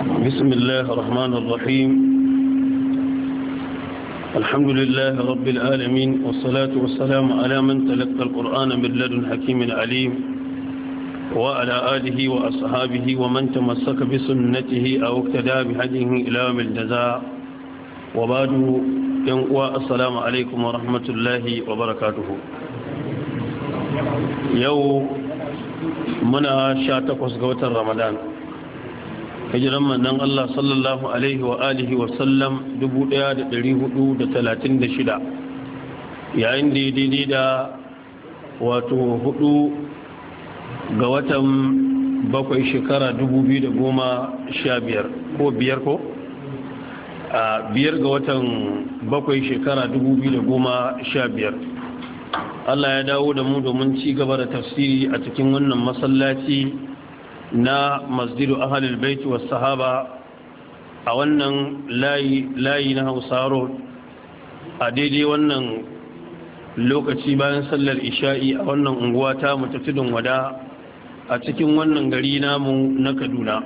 بسم الله الرحمن الرحيم الحمد لله رب العالمين والصلاة والسلام على من تلقى القرآن من لدن حكيم عليم وعلى آله وأصحابه ومن تمسك بسنته أو اقتدى بهديه إلى من الجزاء وبعد ينقوى السلام عليكم ورحمة الله وبركاته يوم منا شاتك وسقوة رمضان hijiran manzon Allah sallallahu alaihi wa alihi wa sallam 1436 yayin da ya daidai da wato hudu ga watan bakwai shekara 2015 ko biyar ko a biyar ga watan bakwai shekara 2015 Allah ya dawo da mu domin ci gaba da tafsiri a cikin wannan masallaci na masjidu ahalul baiti was sahaba a wannan layi layi na hausaro a daidai wannan lokaci bayan sallar isha'i a wannan unguwa ta mutattudin wada a cikin wannan gari namu na kaduna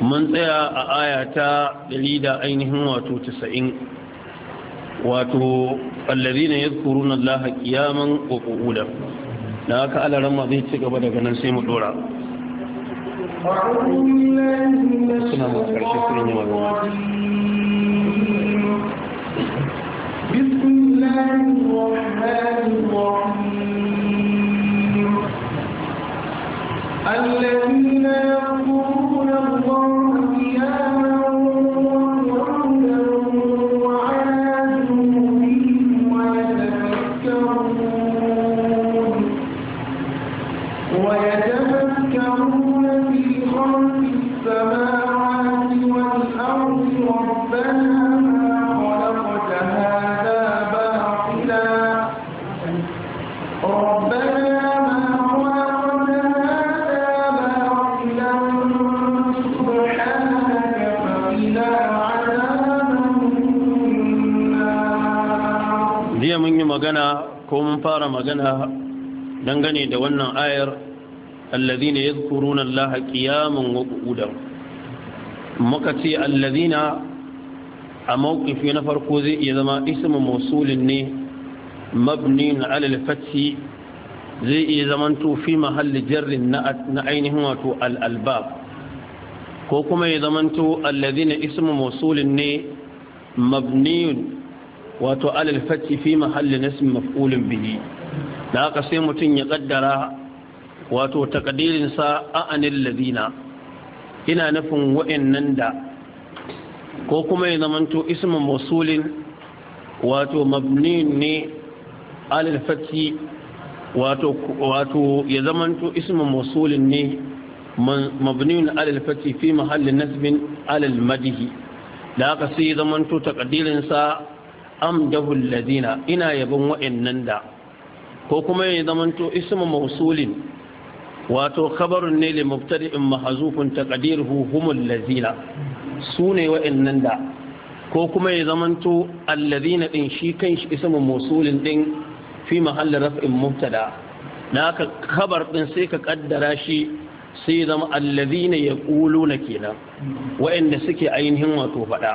mun tsaya a aya ta da ainihin wato 90 wato allazina yadhkuruna allaha ƙiyaman wa da. haka alaran ma zai ci gaba daga nan sai mu ɗora suna masu ƙarshe sun yi magana الذين fara magana dangane da wannan ayar allazina yadhkuruna allaha qiyaman wa qu'udan muka ce na a mawqifi na farko zai iya zama ismu mawsulin ne mabnin ala al zai iya zaman to fi mahalli jarrin na ainihin wato al-albab ko kuma ya zaman to allazina ismu mawsulin ne mabnin wato ala al-fathi fi mahalli nasb maf'ulin bihi da haka sai mutum ya kaddara wato takadirinsa a anil ladina ina nufin wa'annan da ko kuma ya zamanto ismin musulin wato mabni ne alifati wato wato ya zamanto ismin musulin ne mabni ne alifati fi mahallin nasbin alal madihi da aka sai ya zamanto takadirinsa amdahul ladina ina yabon wa'annan da ko kuma ya zamanto ismu mausulin wato khabarun ne li mubtadi'in mahzufun taqdiruhu humul lazina sune wa'annan da ko kuma ya zamanto alladhina din shi kanshi ismu mausulin din fi mahalli raf'in mubtada naka khabar din sai ka kaddara shi sai zama alladhina yaquluna kenan wa'anda suke ainihin wato fada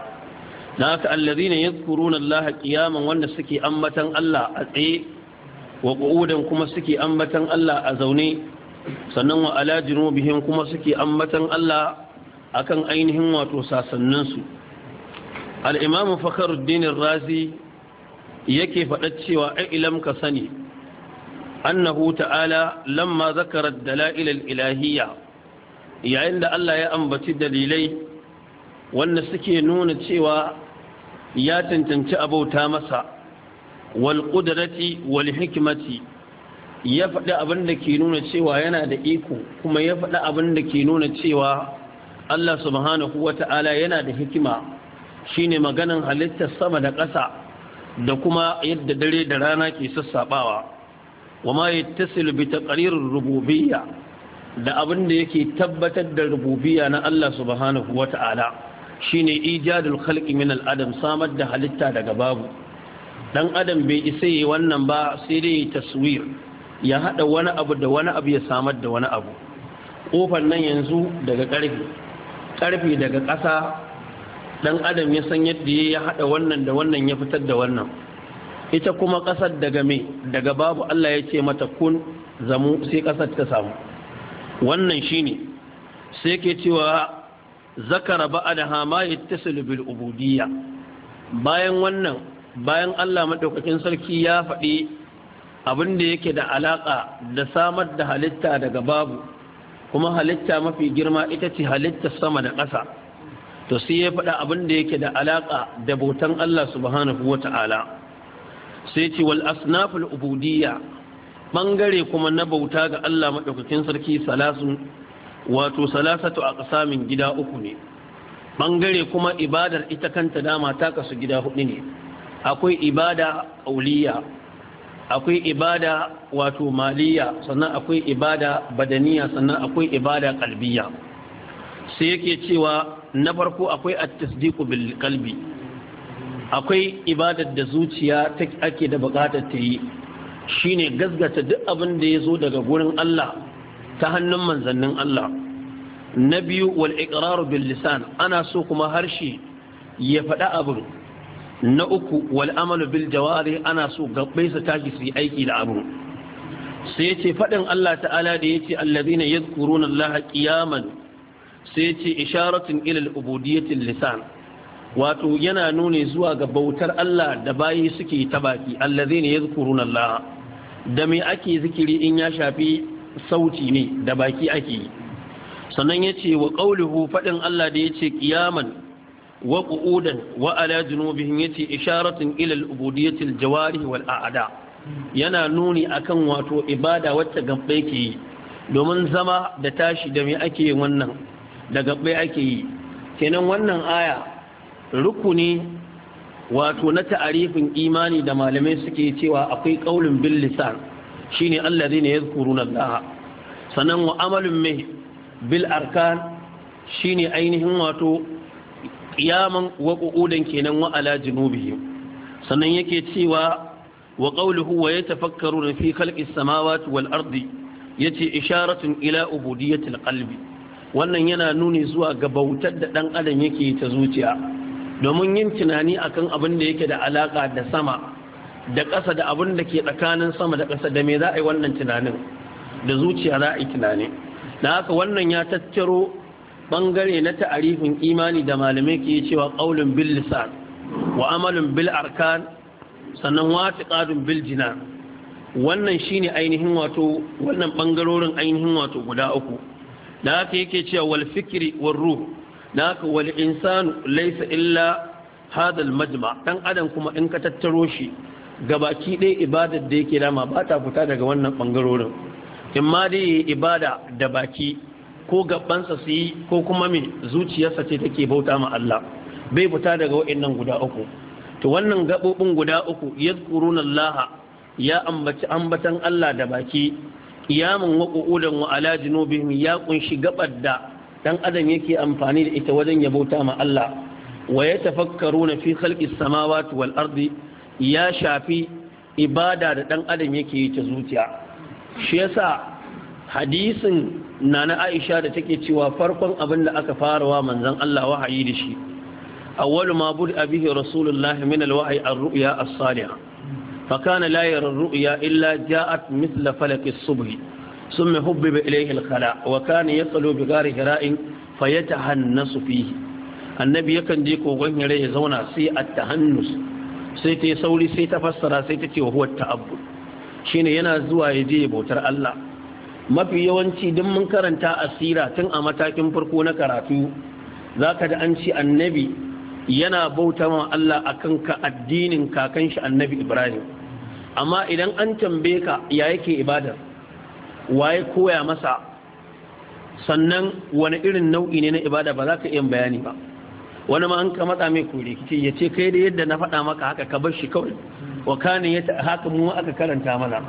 naka alladhina yadhkuruna Allah qiyaman wanda suke ambatan Allah a tsaye wa qu'udan kuma suke ambatan Allah a zaune sannan wa ala kuma suke ambatan Allah akan ainihin wato sasanninsu su al-imamu fakhruddin razi yake faɗa cewa ai ilam ka sani annahu ta'ala lamma zakarar dalail al-ilahiyya yayin da Allah ya ambaci dalilai wanda suke nuna cewa ya tantance abauta masa wal qudrati wal hikmati ya faɗi abin da ke nuna cewa yana da iko kuma ya faɗi abin da ke nuna cewa Allah subhanahu ta'ala yana da hikima shine maganan halittar sama da ƙasa da kuma yadda dare da rana ke sassaɓawa wa ma yattasilu bi rububiyya da abin da yake tabbatar da rububiyya na Allah subhanahu shi shine ijadul khalqi min al samar da halitta daga babu dan adam bai isa yi wannan ba sai dai ya taswir ya hada wani abu da wani abu ya samar da wani abu kofar nan yanzu daga karfe karfe daga ƙasa dan adam ya san yadda ya hada wannan da wannan ya fitar da wannan ita kuma ƙasar daga me daga babu Allah ya ce mata kun zamu sai ƙasar ta samu wannan shine sai ke cewa zakara da ma yattasilu bil ubudiyya bayan wannan bayan Allah maɗaukakin sarki ya faɗi abin da yake da alaƙa da samar da halitta daga babu kuma halitta mafi girma ita ce halitta sama da ƙasa to sai ya faɗa abin da yake da alaƙa da bautan Allah subhanahu wa ta'ala sai ce wal asnaful ubudiyya ɓangare kuma na bauta ga Allah maɗaukakin sarki salasu wato salasatu a ƙasamin gida uku ne ɓangare kuma ibadar ita kanta dama ta kasu gida huɗu ne akwai ibada auliya akwai ibada wato maliya sannan akwai ibada badaniya sannan akwai ibada kalbiya sai yake cewa na farko akwai at-tasdiqu bil qalbi akwai ibadar da zuciya ta ake da bukatar ta yi shine gasgata duk abin da ya zo daga gurin Allah ta hannun manzannin Allah na biyu wal iqraru bil lisan ana so kuma harshe ya faɗa abin na uku wal amalu bil jawari ana so gabbai su tashi su yi aiki da abu sai ya ce faɗin Allah ta'ala da ya ce allazina yadhkuruna Allah qiyaman sai ya ce isharatun ila al lisan wato yana nuna zuwa ga bautar Allah da bayi suke ta baki allazina yadhkuruna Allah da me ake zikiri in ya shafi sauti ne da baki ake sannan ya ce wa qauluhu faɗin Allah da ya ce qiyaman wa qu'udan wa ala junubihim yace isharatun ilal al-ubudiyyati al a'da yana nuni akan wato ibada wacce gabbe ke yi domin zama da tashi da me ake yin wannan da gabbe ake yi kenan wannan aya rukuni wato na ta'arifin imani da malamai suke cewa akwai qaulun bil lisan shine allazina yadhkuruna Allah sanan wa amalun mai bil arkan shine ainihin wato qiyaman wa qu'udan kenan wa ala junubihim sannan yake cewa wa qawluhu wa yatafakkaru fi khalqi samawati wal ardi yace isharatun ila ubudiyatil qalbi wannan yana nuni zuwa ga bautar da dan adam yake ta zuciya domin yin tunani akan abin da yake da alaka da sama da ƙasa da abin da ke tsakanin sama da ƙasa da me za a yi wannan tunanin da zuciya za a yi tunani da haka wannan ya tattaro bangare na ta'arifin imani da malamai ke cewa qaulun bil lisan wa amalin bil arkan sannan ƙadun bil jina wannan shine ainihin wato wannan bangarorin ainihin wato guda uku da haka yake cewa wal fikiri wal ruhu da haka wal insanu laisa illa hadal majma dan adam kuma in ka tattaro shi ga baki ɗaya ibadar da yake dama ba ta fita daga wannan bangarorin in ma dai ibada da baki ko gabansa su yi ko kuma mai zuciyarsa ce take bauta ma Allah bai fita daga wa'annan guda uku to wannan gabobin guda uku yadhkuruna Allah ya ambaci ambatan Allah da baki mun wa qu'udan wa ala junubihim ya ƙunshi gabar da ɗan adam yake amfani da ita wajen ya bauta ma Allah wa yatafakkaruna fi khalqis samawati wal ardi ya shafi ibada da ɗan adam yake yi ta zuciya shi yasa hadisin na na aisha da take cewa farkon abin da aka farawa manzan Allah wahayi da shi awwalu ma bud abihi rasulullahi min alwahyi arru'ya as-salihah fa kana la yara arru'ya illa ja'at mithla falaq as-subh thumma hubbiba ilayhi al-khala wa kana yaqlu bi ghari hira'in fayatahannasu fihi annabi yakan je kogon hira ya zauna sai at-tahannus sai ta sauri sai ta fassara sai ta ce huwa at-ta'abbud shine yana zuwa ya je bautar Allah mafi yawanci duk mun karanta asira tun a matakin farko na karatu za ka da an ce annabi yana bauta ma Allah akan ka addinin kakan shi annabi Ibrahim amma idan an tambaye ka ya yake ibadar waye koya masa sannan wani irin nau'i ne na ibada ba za ka iya bayani ba wani ma an ka matsa mai kore kici ya ce kai da yadda na faɗa maka haka ka bar shi kawai wa kane ya haka mu aka karanta mana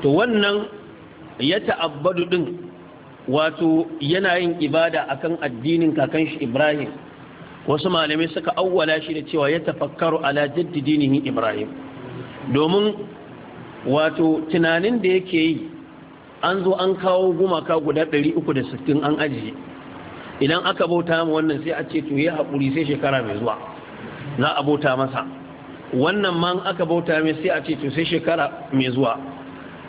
to wannan ya ta'abbadu din wato yana yin ibada akan addinin kakan shi Ibrahim wasu malamai suka awwala shi da cewa ya tafakkaru ala jaddidinihi Ibrahim domin wato tunanin da yake yi an zo an kawo gumaka guda 360 an ajiye idan aka bauta mu wannan sai a ce to ya haƙuri sai shekara mai zuwa za a bauta masa wannan ma aka bauta mai sai a ce to sai shekara mai zuwa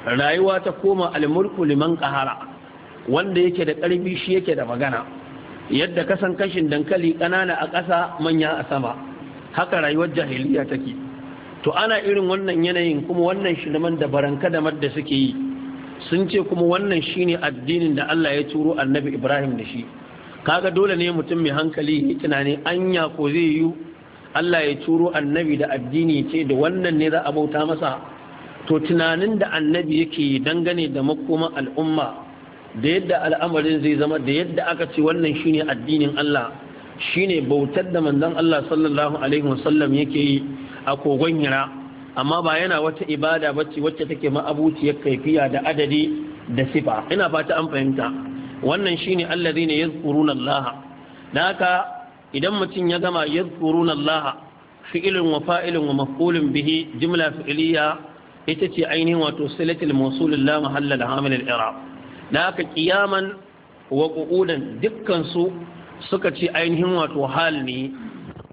rayuwa ta koma almulku liman qahara wanda yake da ƙarfi shi yake da magana yadda kasan kashin dankali kanana a ƙasa manya a sama haka rayuwar jahiliya take to ana irin wannan yanayin kuma wannan shirman da baranka da madda suke yi sun ce kuma wannan shine addinin da Allah ya turo annabi Ibrahim da shi kaga dole ne mutum mai hankali ya tunani anya ko zai yi Allah ya turo annabi da addini ce da wannan ne za a bauta masa to tunanin da annabi yake dangane da makoman al'umma da yadda al'amarin zai zama da yadda aka ce wannan shine addinin Allah shine bautar da manzon Allah sallallahu alaihi wasallam yake yi a kogon hira amma ba yana wata ibada bace wacce take ma'abuciyar kaifiya da adadi da sifa ina fata an fahimta wannan shine allazina yazkuruna Allah haka idan mutum ya gama yazkuruna Allah fi'ilun wa fa'ilun wa maf'ulun bihi jumla fi'liya ita ce ainihin wato silatul musulun la mahallal hamil al-i'rab da aka qiyaman wa qu'udan dukkansu suka ce ainihin wato hal ne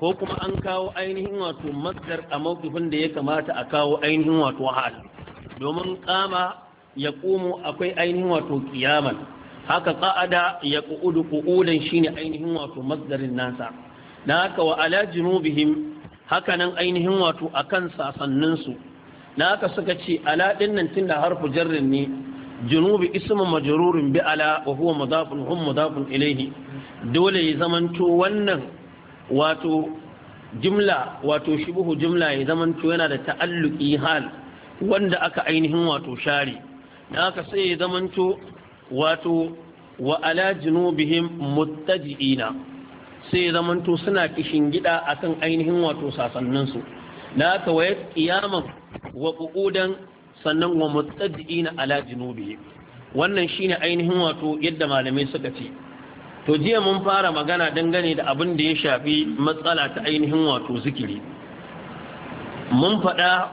ko kuma an kawo ainihin wato masdar a mawqifin da ya kamata a kawo ainihin wato hal domin kama ya komo akwai ainihin wato qiyaman haka qa'ada ya qu'udu qu'udan shine ainihin wato masdarin nasa da haka wa ala junubihim haka nan ainihin wato akan sasannin su na aka suka ce ala din nan tunda harfu jarrin ne junubi ismu majrurin bi ala wa huwa mudafun hum mudafun ilayhi dole ya zamanto wannan wato jumla wato shibuhu jimla ya zamanto yana da ta'alluqi hal wanda aka ainihin wato share na aka sai ya zamanto wato wa ala junubihim muttaji'ina sai ya zamanto suna kishin gida akan ainihin wato sasanninsu na ka wayar kiyaman wa ƙuƙudan sannan wa mutsadi na ala jinubi wannan shine ainihin wato yadda malamai suka ce to jiya mun fara magana dangane da abin da ya shafi matsala ta ainihin wato zikiri mun faɗa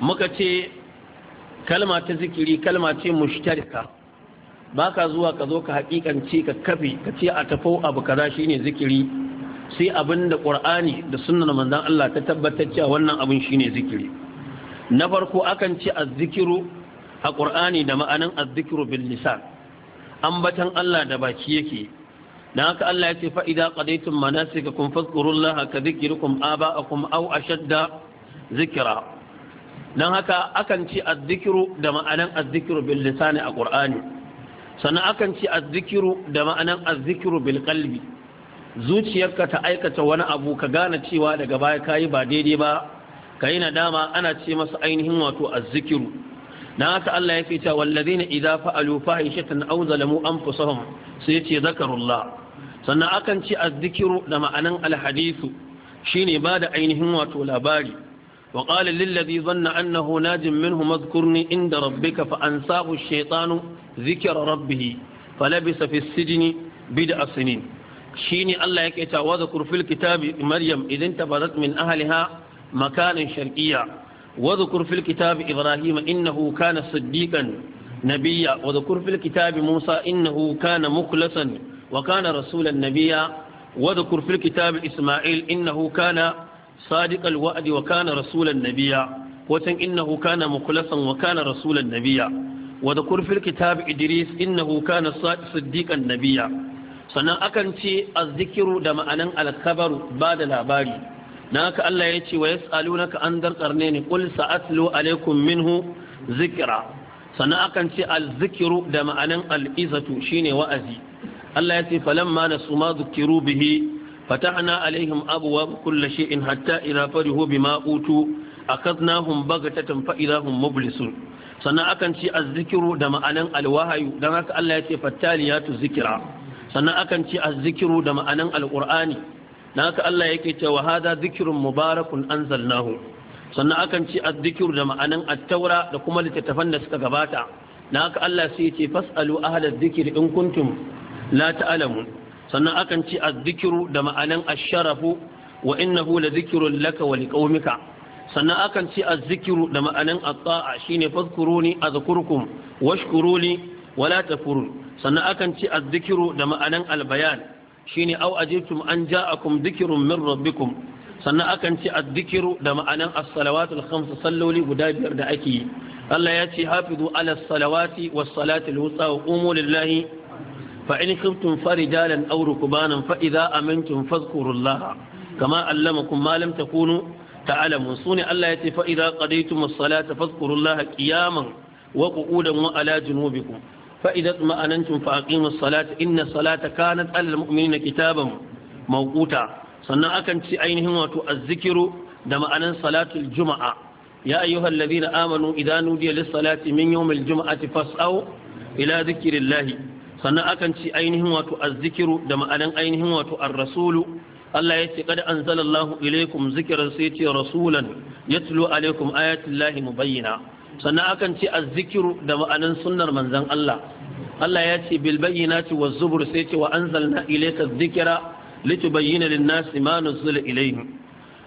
muka ce kalma ta zikiri kalma ce mushtarika ba ka zuwa ka zo ka haƙiƙance ka kafe ka ce a tafau abu kaza shine zikiri sai abin da ƙur'ani da sunnar manzon Allah ta tabbatar cewa wannan abin shine zikiri na farko akan ce zikiru a ƙur'ani da ma'anin zikiru bin lisan ambatan Allah da baki yake dan haka Allah ya ce fa idza qadaytum manasikakum fadhkurullaha ka zikiri a dhikrikum au a ashadda zikira. dan haka akan ce zikiru da ma'anin bin bil lisan a ƙur'ani sannan akan ce zikiru da ma'anin zikiru bil ƙalbi zuciyarka ta aikata wani abu ka gane cewa daga baya ka yi ba daidai ba ka yi nadama ana ce masa ainihin wato azzikiru na haka Allah ya fita na idza fa'alu fahishatan aw zalamu anfusahum sai ce zakarullah sannan akan ce azzikiru da ma'anan alhadisu shine ba da ainihin wato labari wa qala lil ladhi dhanna annahu najim minhu madhkurni inda rabbika fa ansahu ash-shaytanu dhikra rabbih falabisa fi as-sijni bid'a sinin shine Allah yake cewa wa zakur fil kitabi maryam idan tabarat min ahliha makanan sharqiyya wa zakur fil kitabi ibrahim innahu kana siddiqan nabiyya wa zakur fil kitabi musa innahu kana mukhlasan wa kana rasulan nabiyya wa zakur fil kitabi isma'il innahu kana sadiqal wa'di wa kana rasulan nabiyya watan innahu kana mukhlasan wa kana rasulan nabiyya wa zakur fil kitabi idris innahu kana siddiqan nabiyya sannan akan ce azzikiru da ma'anan alkabaru ba da labari na haka Allah yace ce wa ya tsalu na an dar karne ne kul sa'atlu alaikum minhu zikira sannan akan ce alzikiru da ma'anan al'izatu shine wa'azi Allah ya ce falan ma na suma zikiru bihi fatahna alaihim abuwa kulla in hatta ina farihu bi ma utu akaznahum bagatatan fa idahum mublisun sannan akan ce azzikiru da ma'anan alwahayu dan haka Allah ya ce fattaliyatu zikira sannan akan ce zikiru da ma'anan alqur'ani Na haka Allah yake wa hada zikirin mubarakun anzalnahu sannan akan ce zikiru da ma'anan at da kuma littattafan da suka gabata Na haka Allah sai ce fasalu ahla dhikri in kuntum la ta'lamun sannan akan ce zikiru da ma'anan asharafu sharafu wa innahu la zikrun laka wa liqaumika sannan akan ce zikiru da ma'anan at shine fadhkuruni azkurkum washkuruni wala tafurun sannan akan ci azzikiru da ma'anan albayan shine au ajibtum an ja'akum dhikrun min rabbikum sannan akan ci azzikiru da ma'anan as-salawatul salloli guda biyar da ake yi Allah ya ce hafizu ala salawati was salati al-wusta wa qumu lillahi fa in khiftum farijalan aw rukbanan fa idza amintum fadhkurullaha kama allamakum ma lam takunu ta'lamun sune Allah ya ce fa idza qadaytum as-salata fadhkurullaha qiyaman wa qu'udan wa ala junubikum فإذا اطمأننتم فأقيموا الصلاة إن الصلاة كانت على المؤمنين كتابا موقوتا sannan akan ci ainihin wato azzikiru da ma'anan salatul juma'a ya ayyuhal amanu idan nudiya lis salati min yawmil juma'ati fas'au ila zikrillahi sannan akan ci ainihin wato azzikiru da ma'anan ainihin wato ar-rasulu Allah ya ce kada anzalallahu ilaikum zikran sai ce rasulan yatlu alaikum mu bayyana. sannan akan ce azzikiru da ma'anin sunnar manzan Allah Allah ya ce bil bayyinati wa zubur sai ce wa anzalna ilayka dhikra litubayyana lin-nasi ma nuzila ilayhim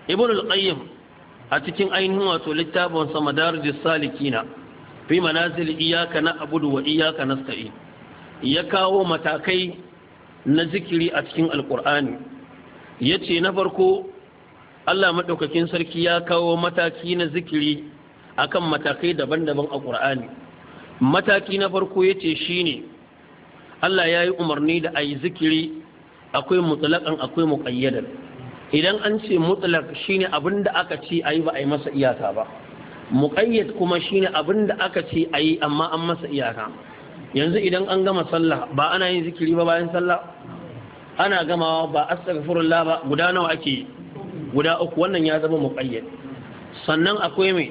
ibn al-qayyim a cikin ainihin wato littafin sa madarijus salikina fi manazil iyyaka na'budu wa iyyaka nasta'in ya kawo matakai na zikiri a cikin alqur'ani yace na farko Allah madaukakin sarki ya kawo mataki na zikiri akan matakai daban-daban a ƙur'ani mataki na farko ya ce shi ne allah ya yi umarni da ayi zikiri akwai mutulakan akwai muƙayyadar idan an ce mutulak shi ne abin da aka ce a ba a yi masa iyaka ba muƙayyad kuma shi ne abin aka ce ayi yi amma an masa iyaka yanzu idan an gama sallah ba ana yin zikiri ba bayan sallah ana gamawa ba astaghfirullah ba guda nawa ake guda uku wannan ya zama muqayyad sannan akwai mai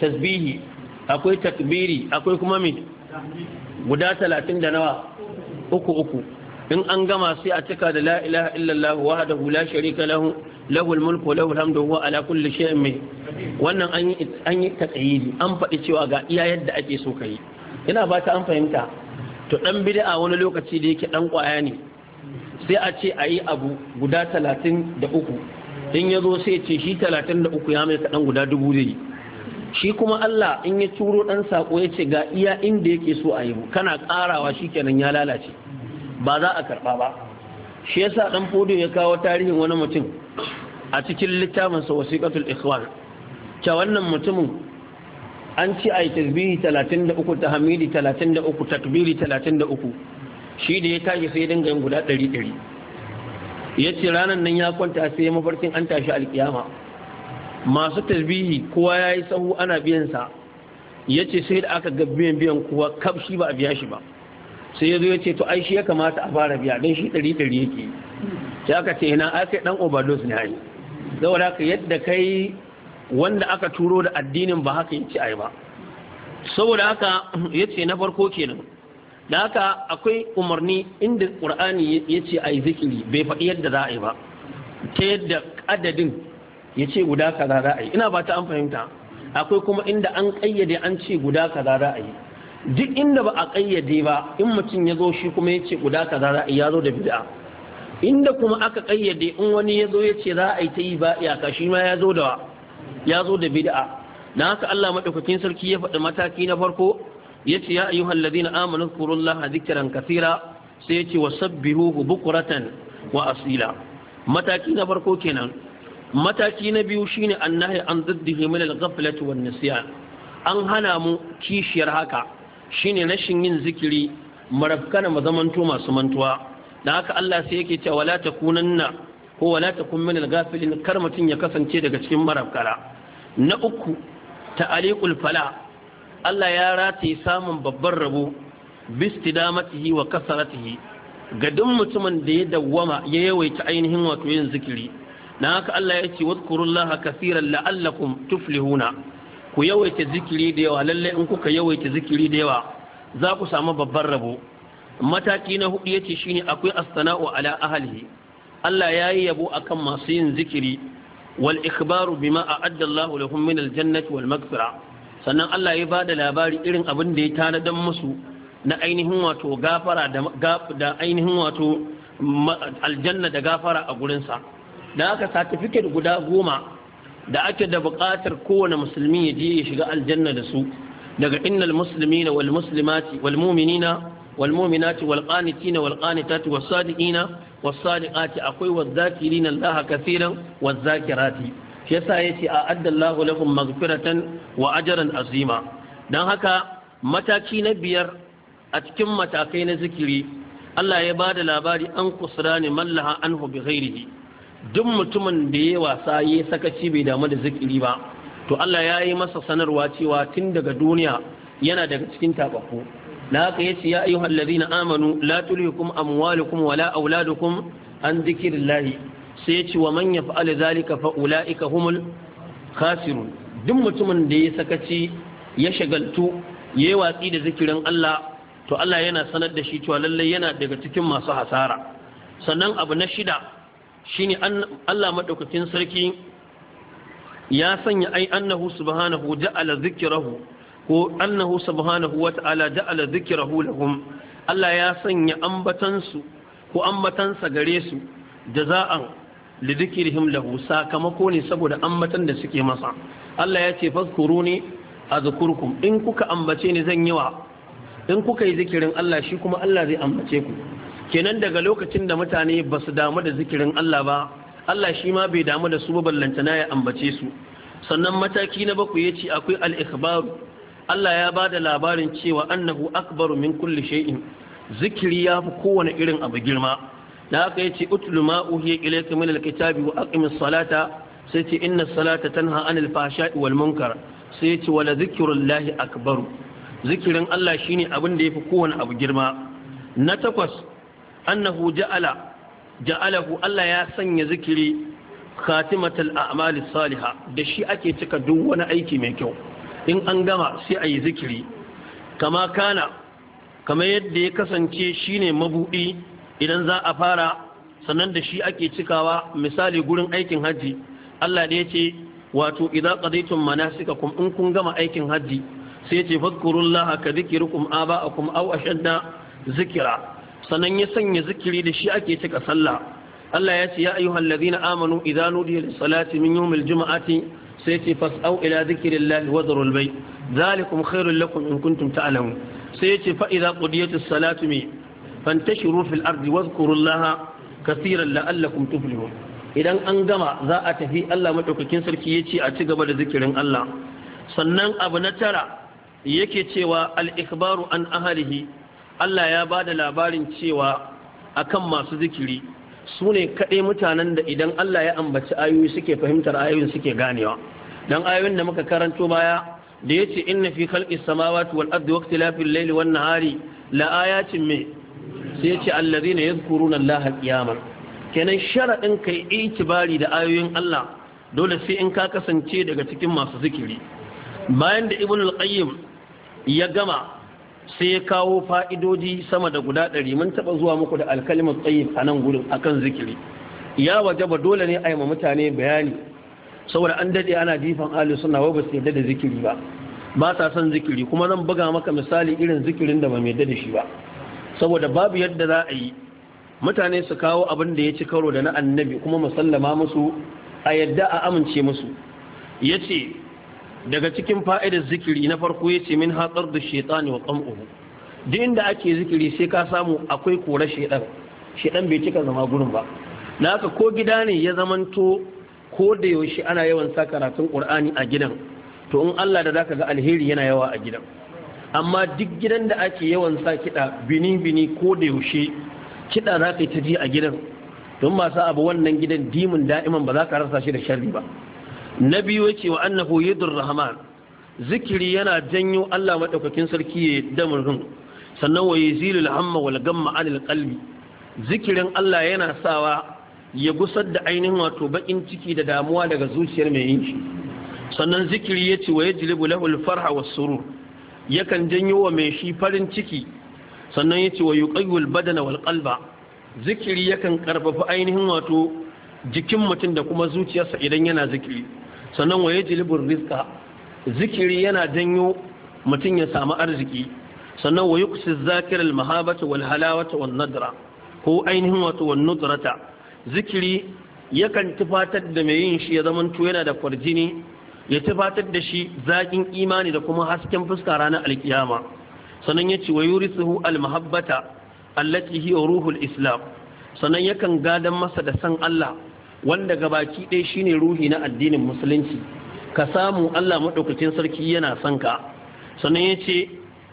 tasbihi akwai takbiri akwai kuma mai guda talatin da nawa uku uku in an gama sai a cika da la ilaha illallah wahdahu la sharika lahu lahul mulku lahul hamdu huwa ala kulli shay'in mai wannan an yi an an faɗi cewa ga iya yadda ake so kai ina ba ta an fahimta to dan bid'a wani lokaci da yake ɗan kwaya ne sai a ce a yi abu guda talatin da uku in ya zo sai ce shi talatin da uku ya mai kaɗan guda dubu zai shi kuma Allah in ya turo dan sako ya ce ga iya inda yake so a yi kana karawa shikenan ya lalace ba za a karba ba shi yasa dan fodo ya kawo tarihin wani mutum a cikin littafin sa wasiqatul ikhwan ta wannan mutumin an ci a tasbihi 33 tahmidi 33 takbiri 33 shi da ya tashi sai dinga yin guda 100 100 yace ranan nan ya kwanta sai mafarkin an tashi alkiyama masu tasbihi kowa ya yi sahu ana biyansa ya ce sai da aka ga biyan biyan kowa kaf shi ba a biya shi ba sai ya zo ya ce to ai shi ya kamata a fara biya don shi ɗari ɗari yake sai aka ce ina ai kai ɗan overdose ne ai saboda haka yadda kai wanda aka turo da addinin ba haka yace ai ba saboda haka ya ce na farko kenan da haka akwai umarni inda ya yace ai zikiri bai faɗi yadda za a yi ba ta yadda adadin ya ce guda kaza za ina ba ta an fahimta akwai kuma inda an kayyade an ce guda kaza za duk inda ba a kayyade ba in mutum ya zo shi kuma ya ce guda kaza za ya zo da bid'a inda kuma aka kayyade in wani ya zo ya ce za a yi ta yi ba ka shi ma ya zo da ya zo da bid'a na haka Allah madaukakin sarki ya faɗi mataki na farko ya ce ya ayyuhal ladina amanu kurullaha dhikran kasira sai ya ce wasabbihuhu bukratan wa asila mataki na farko kenan mataki na biyu shine annahi an zaddihi min al-ghaflati wan nisyan an hana mu kishiyar haka shine rashin yin zikiri marafkana mazamanto masu mantuwa dan haka Allah sai yake cewa la takunanna ko wala takun min al-ghafilin kar mutun ya kasance daga cikin marafkara na uku ta'aliqul fala Allah ya rataye samun babban rabo bistidamatihi wa kasaratihi ga duk mutumin da ya dawwama ya yawaita ainihin wato yin zikiri na haka Allah ya ce wadkurullaha kaseeran la'allakum tuflihuna ku yawaita zikiri da yawa lalle in kuka yawaita zikiri da yawa za ku samu babban rabo mataki na hudu yace shine akwai as ala ahlihi Allah ya yi yabo akan masu yin zikiri wal ikhbaru bima a'adda Allahu lahum min al-jannati wal maghfira sannan Allah ya bada labari irin abin da ya tanadan musu na ainihin wato gafara da ainihin wato aljanna da gafara a gurinsa da aka satifiket guda goma da ake da buƙatar kowane musulmi ya je ya shiga aljanna da su daga innal muslimina wal muslimati wal mu'minina wal mu'minati wal qanitina wal akwai waz zakirina laha kaseeran waz zakirati shi yasa yace a addallahu lahum maghfiratan wa ajran azima dan haka mataki na biyar a cikin matakai na zikiri Allah ya ba da labari an kusrani mallaha anhu bi ghairihi duk mutumin da ya wasa ya sakaci bai damu da zikiri ba to Allah ya yi masa sanarwa cewa tun daga duniya yana daga cikin tababbu da haka yace ya ayyuhal ladina amanu la tulhikum amwalukum wala auladukum an lahi sai ce wa man yaf'al zalika fa ulaika humul khasirun duk mutumin da ya sakaci ya shagaltu yayi watsi da zikirin Allah to Allah yana sanar da shi cewa lalle yana daga cikin masu hasara sannan abu na shida shine Allah madaukakin sarki ya sanya ai annahu subhanahu ja'ala zikirahu, ko annahu subhanahu wata'ala ja'ala dhikrahu lahum Allah ya sanya ambatansu ko ambatansa gare su jaza'an lidhikirihim lahu sakamako ne saboda ambatan da suke masa Allah ya ce fazkuruni azkurkum in kuka ambace ni zan yi wa in kuka yi zikirin Allah shi kuma Allah zai ambace ku kenan daga lokacin da mutane ba su damu da zikirin Allah ba Allah shi ma bai damu da su ba lantana ya ambace su sannan mataki na bakwai ya ce akwai al-ikhbaru Allah ya ba da labarin cewa annahu akbaru min kulli shay'in zikiri ya fi kowane irin abu girma da haka ya ce utlu ma uhiya ilayka min al-kitabi wa aqimis salata sai ce inna salata tanha anil fahsha'i wal munkar sai ce wala zikrullahi akbaru zikirin Allah shine abin da yafi kowane abu girma na takwas annahu ja'ala ja'alahu Allah ya sanya zikiri khatimatul a'malis salihah da shi ake cika duk wani aiki mai kyau in an gama sai a yi zikiri kama kana kama yadda ya kasance shine mabudi idan za a fara sannan da shi ake cikawa misali gurin aikin haji Allah da yace wato idza qadaytum manasikakum in kun gama aikin haji sai yace fadkurullaha ka dhikrukum aba'akum aw ashadda zikra sannan ya sanya zikiri da shi ake cika sallah Allah ya ce ya ayyuhal ladina amanu idza nudiya lis salati min yawmil jumu'ati sai ce fas'au ila zikrillahi wa dharul bay zalikum khairul lakum in kuntum ta'lamun sai ce fa idza qudiyatis salatu mi fantashiru fil ardi wadhkurullaha kaseeran la'allakum tuflihun idan an gama za a tafi Allah madaukakin sarki ya ce a ci gaba da zikirin Allah sannan abu na tara yake cewa al-ikbaru an ahlihi Allah ya ba da labarin cewa akan masu zikiri su ne kaɗai mutanen da idan Allah ya ambaci ayoyi suke fahimtar ayoyin suke ganewa Don ayoyin da muka karanto baya da yace inna fi khalqi samawati wal ardi wa ikhtilafil layli wan nahari la ayatin me sai yace allazina yadhkuruna Allah qiyaman kenan sharadin kai itibari da ayoyin Allah dole sai in ka kasance daga cikin masu zikiri bayan da ibn al-qayyim ya gama sai ya kawo fa'idoji sama da guda ɗari mun taɓa zuwa muku da alkalimar tsayi a nan gudun akan zikiri ya waje ba dole ne a yi ma mutane bayani saboda an daɗe ana jifan Ali suna wai ba su yadda da zikiri ba ba sa son zikiri kuma zan buga maka misali irin zikirin da ba mai yadda da shi ba saboda babu yadda za a yi mutane su kawo abin da ya ci karo da na annabi kuma musallama musu a yadda a amince musu ya ce daga cikin fa'idar zikiri na farko ya ce min hatsar da shaitan wa tsam'uhu duk inda ake zikiri sai ka samu akwai kore shaidan shaidan bai cika zama gurin ba na haka ko gida ne ya zamanto ko da yaushe ana yawan sa karatun ƙur'ani a gidan to in Allah da zaka ga alheri yana yawa a gidan amma duk gidan da ake yawan sa kiɗa bini bini ko da yaushe kiɗa za ka yi ta ji a gidan don masu abu wannan gidan dimin da'iman ba za ka rasa shi da sharri ba na biyu ce wa annahu yadur rahman zikiri yana janyo Allah maɗaukakin sarki ya damar damurin sannan wa yazilul hamma wal gamma anil qalbi zikirin Allah yana sawa ya gusar da ainihin wato bakin ciki da damuwa daga zuciyar mai yin shi sannan zikiri ya ce wa yajlibu lahul farha was surur yakan janyo wa mai shi farin ciki sannan ya ce wa yuqawwil badana wal qalba zikiri yakan ƙarfafa ainihin wato jikin mutum da kuma zuciyarsa idan yana zikiri sannan waye jilibin rizqa zikiri yana janyo mutum ya samu arziki sannan wa yuqsi zakir al mahabata wal halawata wani nadra ko ainihin wato wan zikiri yakan tufatar da mai yin shi ya zamanto yana da kwarjini ya tufatar da shi zaƙin imani da kuma hasken fuska ranar alkiyama sannan ya ce al-mahabbata, yurisuhu almahabbata allati hiya ruhul islam sannan yakan gadan masa da san Allah wanda gabaki ɗaya shine ruhi na addinin musulunci ka samu Allah maɗaukacin sarki yana son ka sannan ya ce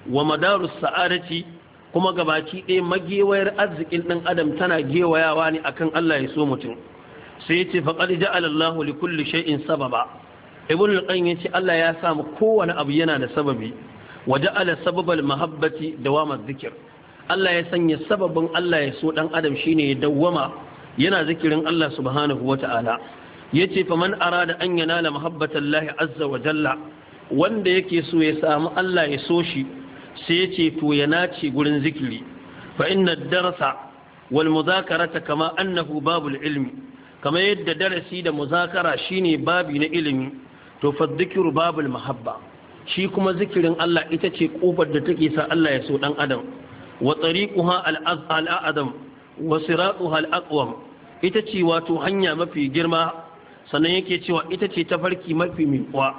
wa madarus sa'adati kuma gabaki ɗaya magewayar arzikin ɗan adam tana gewayawa ne akan Allah ya so mutum sai ya ce faƙar ja'ala alallahu li kulli shay'in sababa ibn al ya ce Allah ya samu kowane abu yana da sababi wa ja'ala sababal da dawama dhikr Allah ya sanya sababin Allah ya so ɗan adam shine ya dawwama yana zikirin Allah subhanahu wata'ala yace faman arada an yanala mahabbatallahi azza wa jalla wanda yake so ya samu Allah ya so shi sai yace to ya nace gurin zikiri fa inna darasa wal muzakarata kama annahu babul ilmi kama yadda darasi da muzakara shine babi na ilimi to fa dhikru babul mahabba shi kuma zikirin Allah ita ce kofar da take sa Allah ya so dan adam wa tariquha al-azam wa hal aqwam ita ce wato hanya mafi girma sannan yake cewa ita ce ta farki mafi miƙwa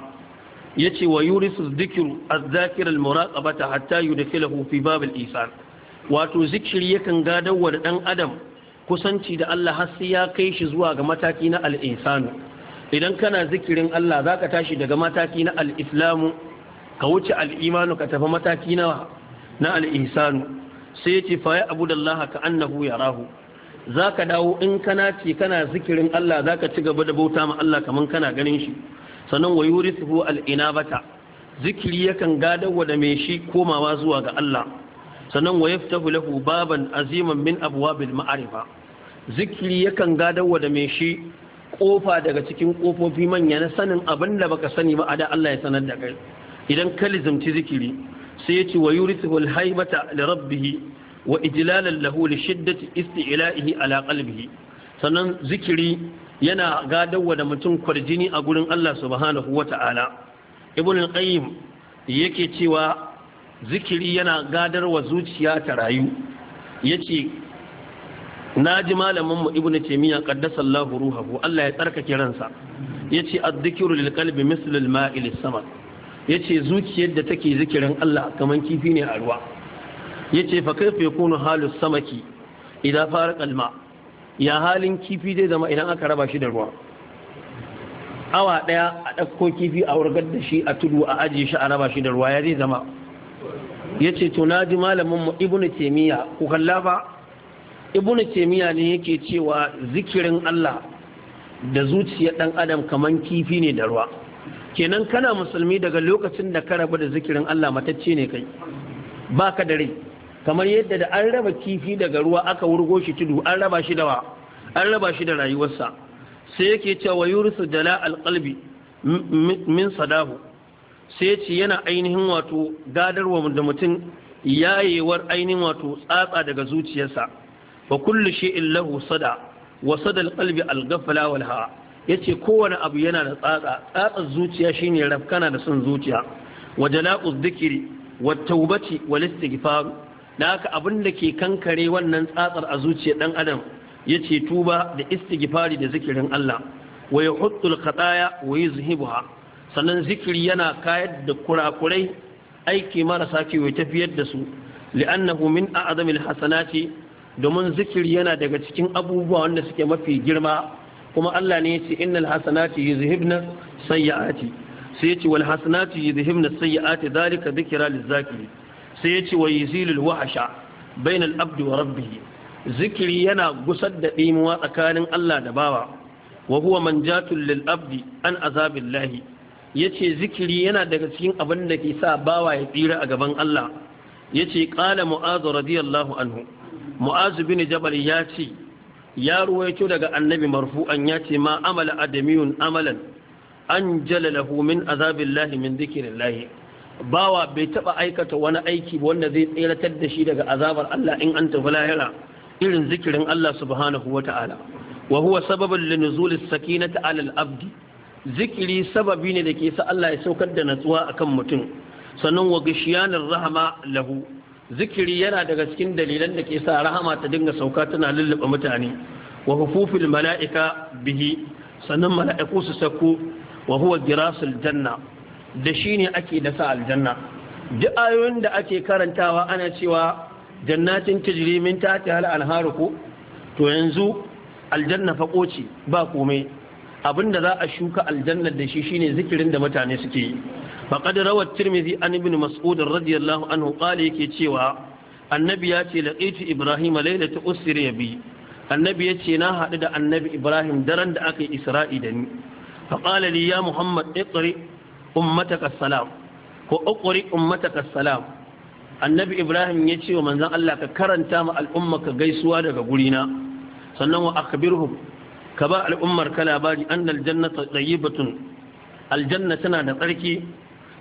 yace wa yurisu dhikru az-zakir al-muraqabata hatta yudkhilahu fi bab al-ihsan wato zikiri yakan gadawar dan adam kusanci da Allah har sai ya kai shi zuwa ga mataki na al-ihsan idan kana zikirin Allah zaka tashi daga mataki na al-islamu ka wuce al-imanu ka tafi mataki na na al-ihsanu sai ya ce fa ya Allah ka rahu yarahu ka dawo in kana ce kana zikirin Allah Za ka ci gaba da bauta ma Allah kamar kana ganin shi sannan wa al'ina ba ta. zikiri yakan gadawa da mai shi komawa zuwa ga Allah sannan wa yaftahu hulahu baban aziman min bil ma'arifa zikiri yakan gadawa da mai shi kofa daga cikin kofofi manya na sanin abin da baka sani ba a da Allah ya sanar da kai idan ka lizimci zikiri sai ce wa yurithu al-haibata da rabbihi wa ijlalan lahuli li shiddati isti'la'ihi ala qalbihi sannan zikiri yana gadawa da mutum kwarjini a gurin Allah subhanahu ta'ala ibn al-qayyim yake cewa zikiri yana gadar wa zuciya ta rayu yace naji malamin mu ibnu taymiya qaddasallahu ruhahu Allah ya tsarkake ransa yace adh-dhikru lil qalbi mislu al-ma'i lis-sama' yace zuciyar da take zikirin Allah kamar kifi ne a ruwa yace fa kaifa kunu halus samaki idan fara kalma? ya halin kifi zai zama idan aka raba shi da ruwa awa daya a dauko kifi a wurgar da shi a tudu a ajiye shi a raba shi da ruwa ya zai zama yace to na ji malamin mu ibnu taymiya ku kalla ba ibnu taymiya ne yake cewa zikirin Allah da zuciyar dan adam kamar kifi ne da ruwa kenan kana musulmi daga lokacin da ka rabu da zikirin Allah matacce ne kai Ba ka da rai kamar yadda da an raba kifi daga ruwa aka wurgo shi tudu an raba shi da wa an raba shi da rayuwarsa sai yake cewa yurisu jala alqalbi min sadahu sai ce yana ainihin wato gadarwa da mutum yayewar ainihin wato tsatsa daga zuciyarsa wa kullu shay'in lahu sada wa sada alqalbi alghafla wal ya ce kowane abu yana da tsatsa tsatsar zuciya shine rafkana da sun zuciya wa jala'uz dhikri wa tawbati wal istighfar da haka abin da ke kankare wannan tsatsar a zuciyar dan adam Ya ce tuba da istigifari da zikirin Allah wa yahuttul kaɗaya wa yuzhibuha sannan zikiri yana kayar da kurakurai aiki marasa ke wai tafiyar da su li'annahu min Hassana hasanati domin zikiri yana daga cikin abubuwa wanda suke mafi girma kuma Allah ne yace innal hasanati yuzhibna sayyiati sai yace wal hasanati yuzhibna sayyiati zalika dhikra lizakirin sai yace wa yuzilul wahsha bainal abdi wa rabbih zikiri yana gusar da dimuwa tsakanin Allah da bawa wa huwa manjatul lil abdi an azabillahi yace zikiri yana daga cikin abin da ke sa bawa ya tsira a gaban Allah yace qala mu'az radiyallahu anhu mu'az bin jabal yace ya ruwaito daga annabi marfu'an ya ce ma amala adamiyun amalan an jalalahu min azabillahi min zikirillahi bawa bai taba aikata wani aiki wanda zai tseratar da shi daga azabar Allah in an tafi lahira irin zikirin Allah subhanahu ta'ala. wa huwa sababin linuzulis sakinata ta'alal abdi zikiri sababi ne da ke sa Allah ya saukar da natsuwa akan mutum sannan wa gishiyanin rahama lahu zikiri yana daga cikin dalilan da ke sa rahama ta dinga sauka tana lulluɓa mutane wa hufufil mala'ika bihi sannan mala'iku su sako wa huwa girasul janna da shi ne ake dasa aljanna duk ayoyin da ake karantawa ana cewa jannatin tajri min tahti hal anharu ko to yanzu aljanna fako ba komai abinda za a shuka aljanna da shi shine zikirin da mutane suke yi faqad rawar tirmidhi an ibn mas'ud radiyallahu anhu qala yake cewa annabi ya ce laqitu ibrahim lailatu usri bi annabi ya ce na haɗu da annabi ibrahim daren da aka yi isra'i da ni faƙala li ya muhammad iqri ummataka salam ko uqri ummataka salam annabi ibrahim ya ce wa manzon Allah ka karanta ma al'umma ka gaisuwa daga gurina sannan wa akhbirhum ka ba al'ummar ka labari annal jannata tayyibatun aljanna tana da tsarki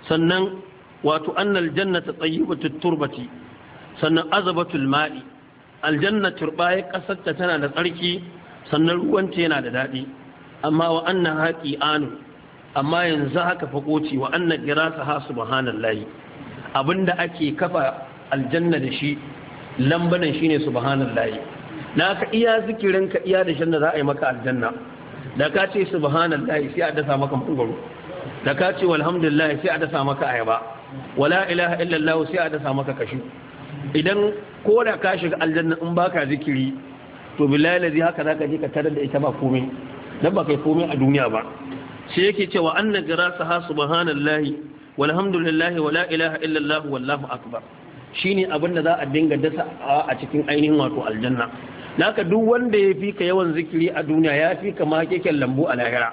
sannan wato annal jannata tsayyibatu turbati sannan azabatul ma'i aljanna turbaye kasar tana da tsarki sannan ruwanta yana da daɗi amma wa annan haƙi anu amma yanzu haka fakoci wa annan girasa ha subhanallahi abinda ake kafa aljanna da shi lambanan shine subhanallahi na ka iya zikirin ka iya da shan da za a yi maka aljanna da ka ce subhanallahi sai a dasa maka mangwaro da ka ce walhamdulillah sai a dasa maka ayaba wala ilaha illallah sai a dasa maka kashu idan ko da ka shiga aljanna in baka zikiri to billahi lazi haka zaka je ka tarar da ita ba komai dan ba kai komai a duniya ba sai yake cewa anna jirasaha subhanallahi walhamdulillahi wala ilaha illallah wallahu akbar shine abin da za a dinga dasa a cikin ainihin wato aljanna naka duk wanda ya fi ka yawan zikiri a duniya ya fi ka ma keken lambu a lahira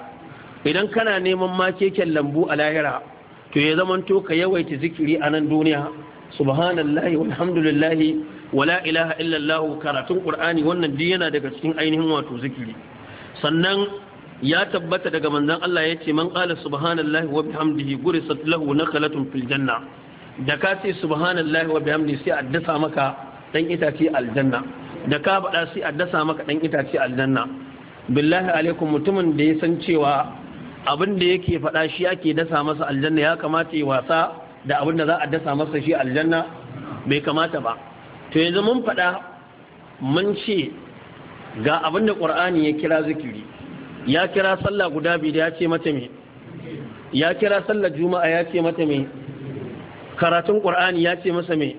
idan kana neman ma keken lambu a lahira to ya zaman to ka yawaita zikiri a nan duniya subhanallahi walhamdulillahi wala ilaha illallah karatun qur'ani wannan din yana daga cikin ainihin wato zikiri sannan ya tabbata daga manzon Allah yace man qala subhanallahi wa bihamdihi gurisat lahu nakhalatun fil janna da ka ce subhanallahi wa bihamdihi sai addasa maka dan itace aljanna da ka bada sai addasa maka dan itace aljanna billahi alaikum mutumin da ya san cewa abin da yake faɗa shi ake dasa masa aljanna ya kamata ya wasa da abin da za a dasa masa shi aljanna bai kamata ba to yanzu mun faɗa mun ce ga abin da ƙwar'ani ya kira zikiri ya kira sallah guda biyu ya ce mata me ya kira sallah juma'a ya ce mata me karatun ƙwar'ani ya ce masa me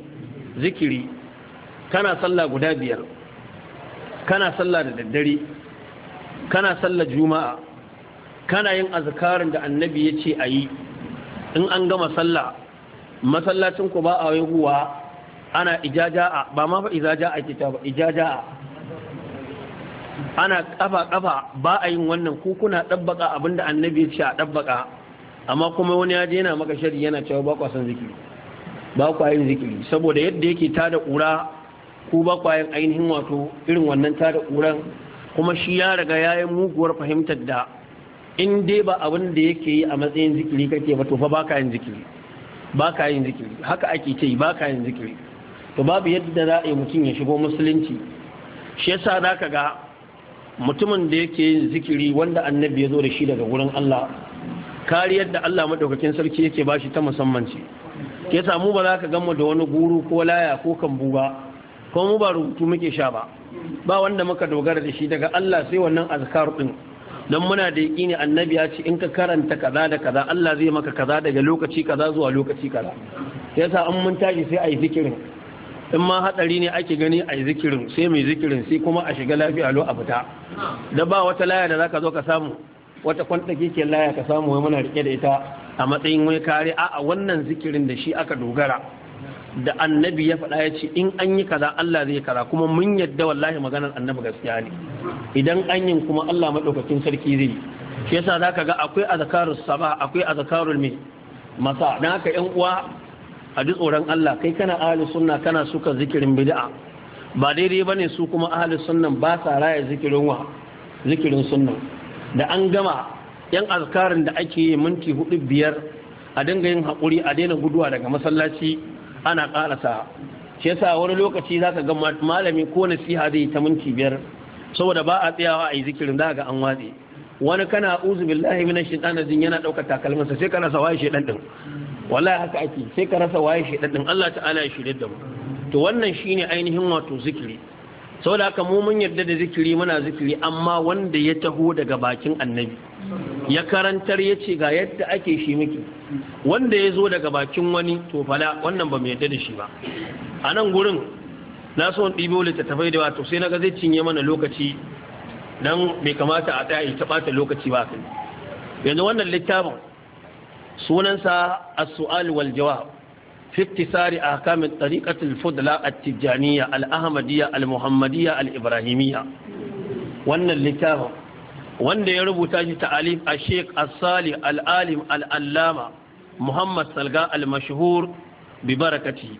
zikiri kana sallah guda biyar kana sallah da daddare kana sallah juma'a kana yin azkarin da annabi ya ce a yi in an gama sallah masallacin ku ba a huwa ana ijaja'a ba ma fa ijaja'a ke ta ba ijaja'a ana kafa kafa ba a yin wannan ku kuna dabbaka abinda annabi ya ce a dabbaka amma kuma wani ya je yana maka shari yana cewa ba kwa san ba kwa yin saboda yadda yake tada kura ku ba kwa ainihin wato irin wannan tada ƙuran. kuma shi ya riga yayin muguwar fahimtar da in dai ba abin da yake yi a matsayin zikiri kake ba to fa ka yin zikiri ka yin zikiri haka ake ce ka yin zikiri to babu yadda za a yi mutum ya shigo musulunci shi yasa ka ga mutumin da yake yin zikiri wanda annabi ya zo da shi daga wurin Allah kariyar da Allah madaukakin sarki yake shi ta musamman ce ke samu ba za ka gama da wani guru ko laya ko kambu ba ko mu ba rubutu muke sha ba ba wanda muka dogara da shi daga Allah sai wannan azkar din Don muna da ne annabi ya ce in ka karanta kaza da kaza Allah zai maka kaza daga lokaci kaza zuwa lokaci kaza yasa an mun tashi sai ayi zikirin in ma hatsari ne ake gani a zikirin sai mai zikirin sai kuma a shiga lafiya lo a fita da ba wata laya da zaka zo ka samu wata kwanta kike laya ka samu wai muna rike da ita a matsayin wai kare a'a wannan zikirin da shi aka dogara da annabi ya faɗa ya ce in an yi kaza Allah zai kaza kuma mun yadda wallahi maganar annabi gaskiya ne idan an yi kuma Allah maɗaukakin sarki zai yi shi yasa zaka ga akwai azkarus sabah akwai azkarul mai masa dan haka yan uwa a ji tsoron Allah kai kana ahli sunna kana suka zikirin bid'a ba daidai bane su kuma ahli sunnan ba sa raya zikirin wa zikirin sunna da an gama yan azkarin da ake yi minti hudu biyar a dinga yin haƙuri a daina guduwa daga masallaci ana ƙarasa shi yasa wani lokaci za ka ga malami ko nasiha zai ta minti biyar saboda ba a tsayawa a yi zikirin za ga an watse wani kana uzu billahi min shaitan din yana ɗaukar takalmansa sai ka rasa waye shaitan din wallahi haka ake sai ka rasa waye shaitan din Allah ta'ala ya shirye da mu to wannan shine ainihin wato zikiri saboda haka mu mun yarda da zikiri muna zikiri amma wanda ya taho daga bakin annabi ya karantar ya ce ga yadda ake shi miki wanda ya zo daga bakin wani to fala wannan ba mu yadda da shi ba a nan gurin na so ɗibo littattafai da wato sai na ga zai cinye mana lokaci don bai kamata a tsaya ta ɓata lokaci ba kai yanzu wannan littafin sunansa as-su'al wal jawab fi iktisari ahkam at al-fudla at-tijaniyya al-ahmadiyya al-muhammadiyya al-ibrahimiyya wannan littafin wanda ya rubuta shi ta'alif a sheik asali al'alim al'allama muhammad salga al-mashhur bi barakati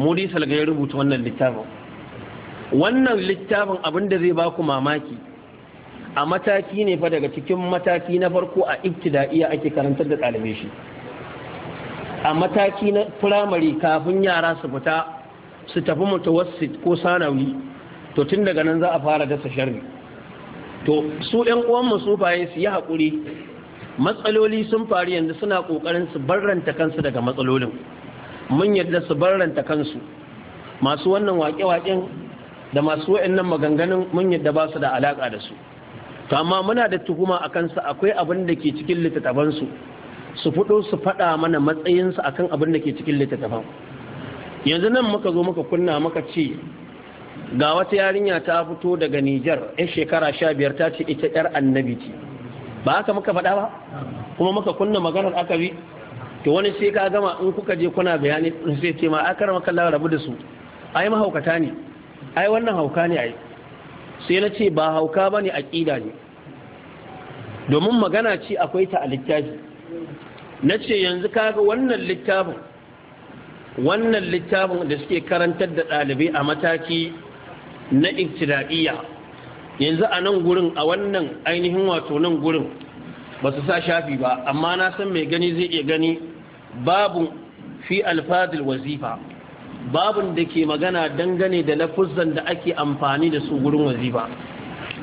mudi salga ya rubuta wannan littafin wannan littafin abinda zai baku mamaki a mataki ne fa daga cikin mataki na farko a iya ake karantar da ɗalibai shi a mataki na firamare kafin yara su fita su tafi mutawassit ko sanawi to tun daga nan za a fara dasa sharri to su ɗan uwan mu sufaye su yi haƙuri matsaloli sun faru yanzu suna ƙoƙarin su barranta kansu daga matsalolin mun yadda su barranta kansu masu wannan waƙe-waƙen da masu wa'annan maganganun mun yadda ba su da alaƙa da su to amma muna da tuhuma a kansu akwai abin da ke cikin littattafansu su fito su faɗa mana matsayinsu akan abin da ke cikin littattafan yanzu nan muka zo muka kunna muka ce ga wata yarinya ta fito daga Nijar yan shekara sha biyar ta ce ita yar annabi ce ba haka muka faɗa ba kuma muka kunna maganar aka bi to wani sai ka gama in kuka je kuna bayani sai ce ma akar maka Allah rabu da su ai mahaukata ne ai wannan hauka ne ai sai na ce ba hauka ba a ƙida ne domin magana ce akwai ta a littafi na ce yanzu kaga wannan littafin wannan littafin da suke karantar da ɗalibai a mataki na ibtida'iyya yanzu a nan gurin a wannan ainihin wato nan gurin ba su sa shafi ba amma na san mai gani zai iya gani babu fi alfadil wazifa babun da ke magana dangane da lafuzan da ake amfani da su gurin wazifa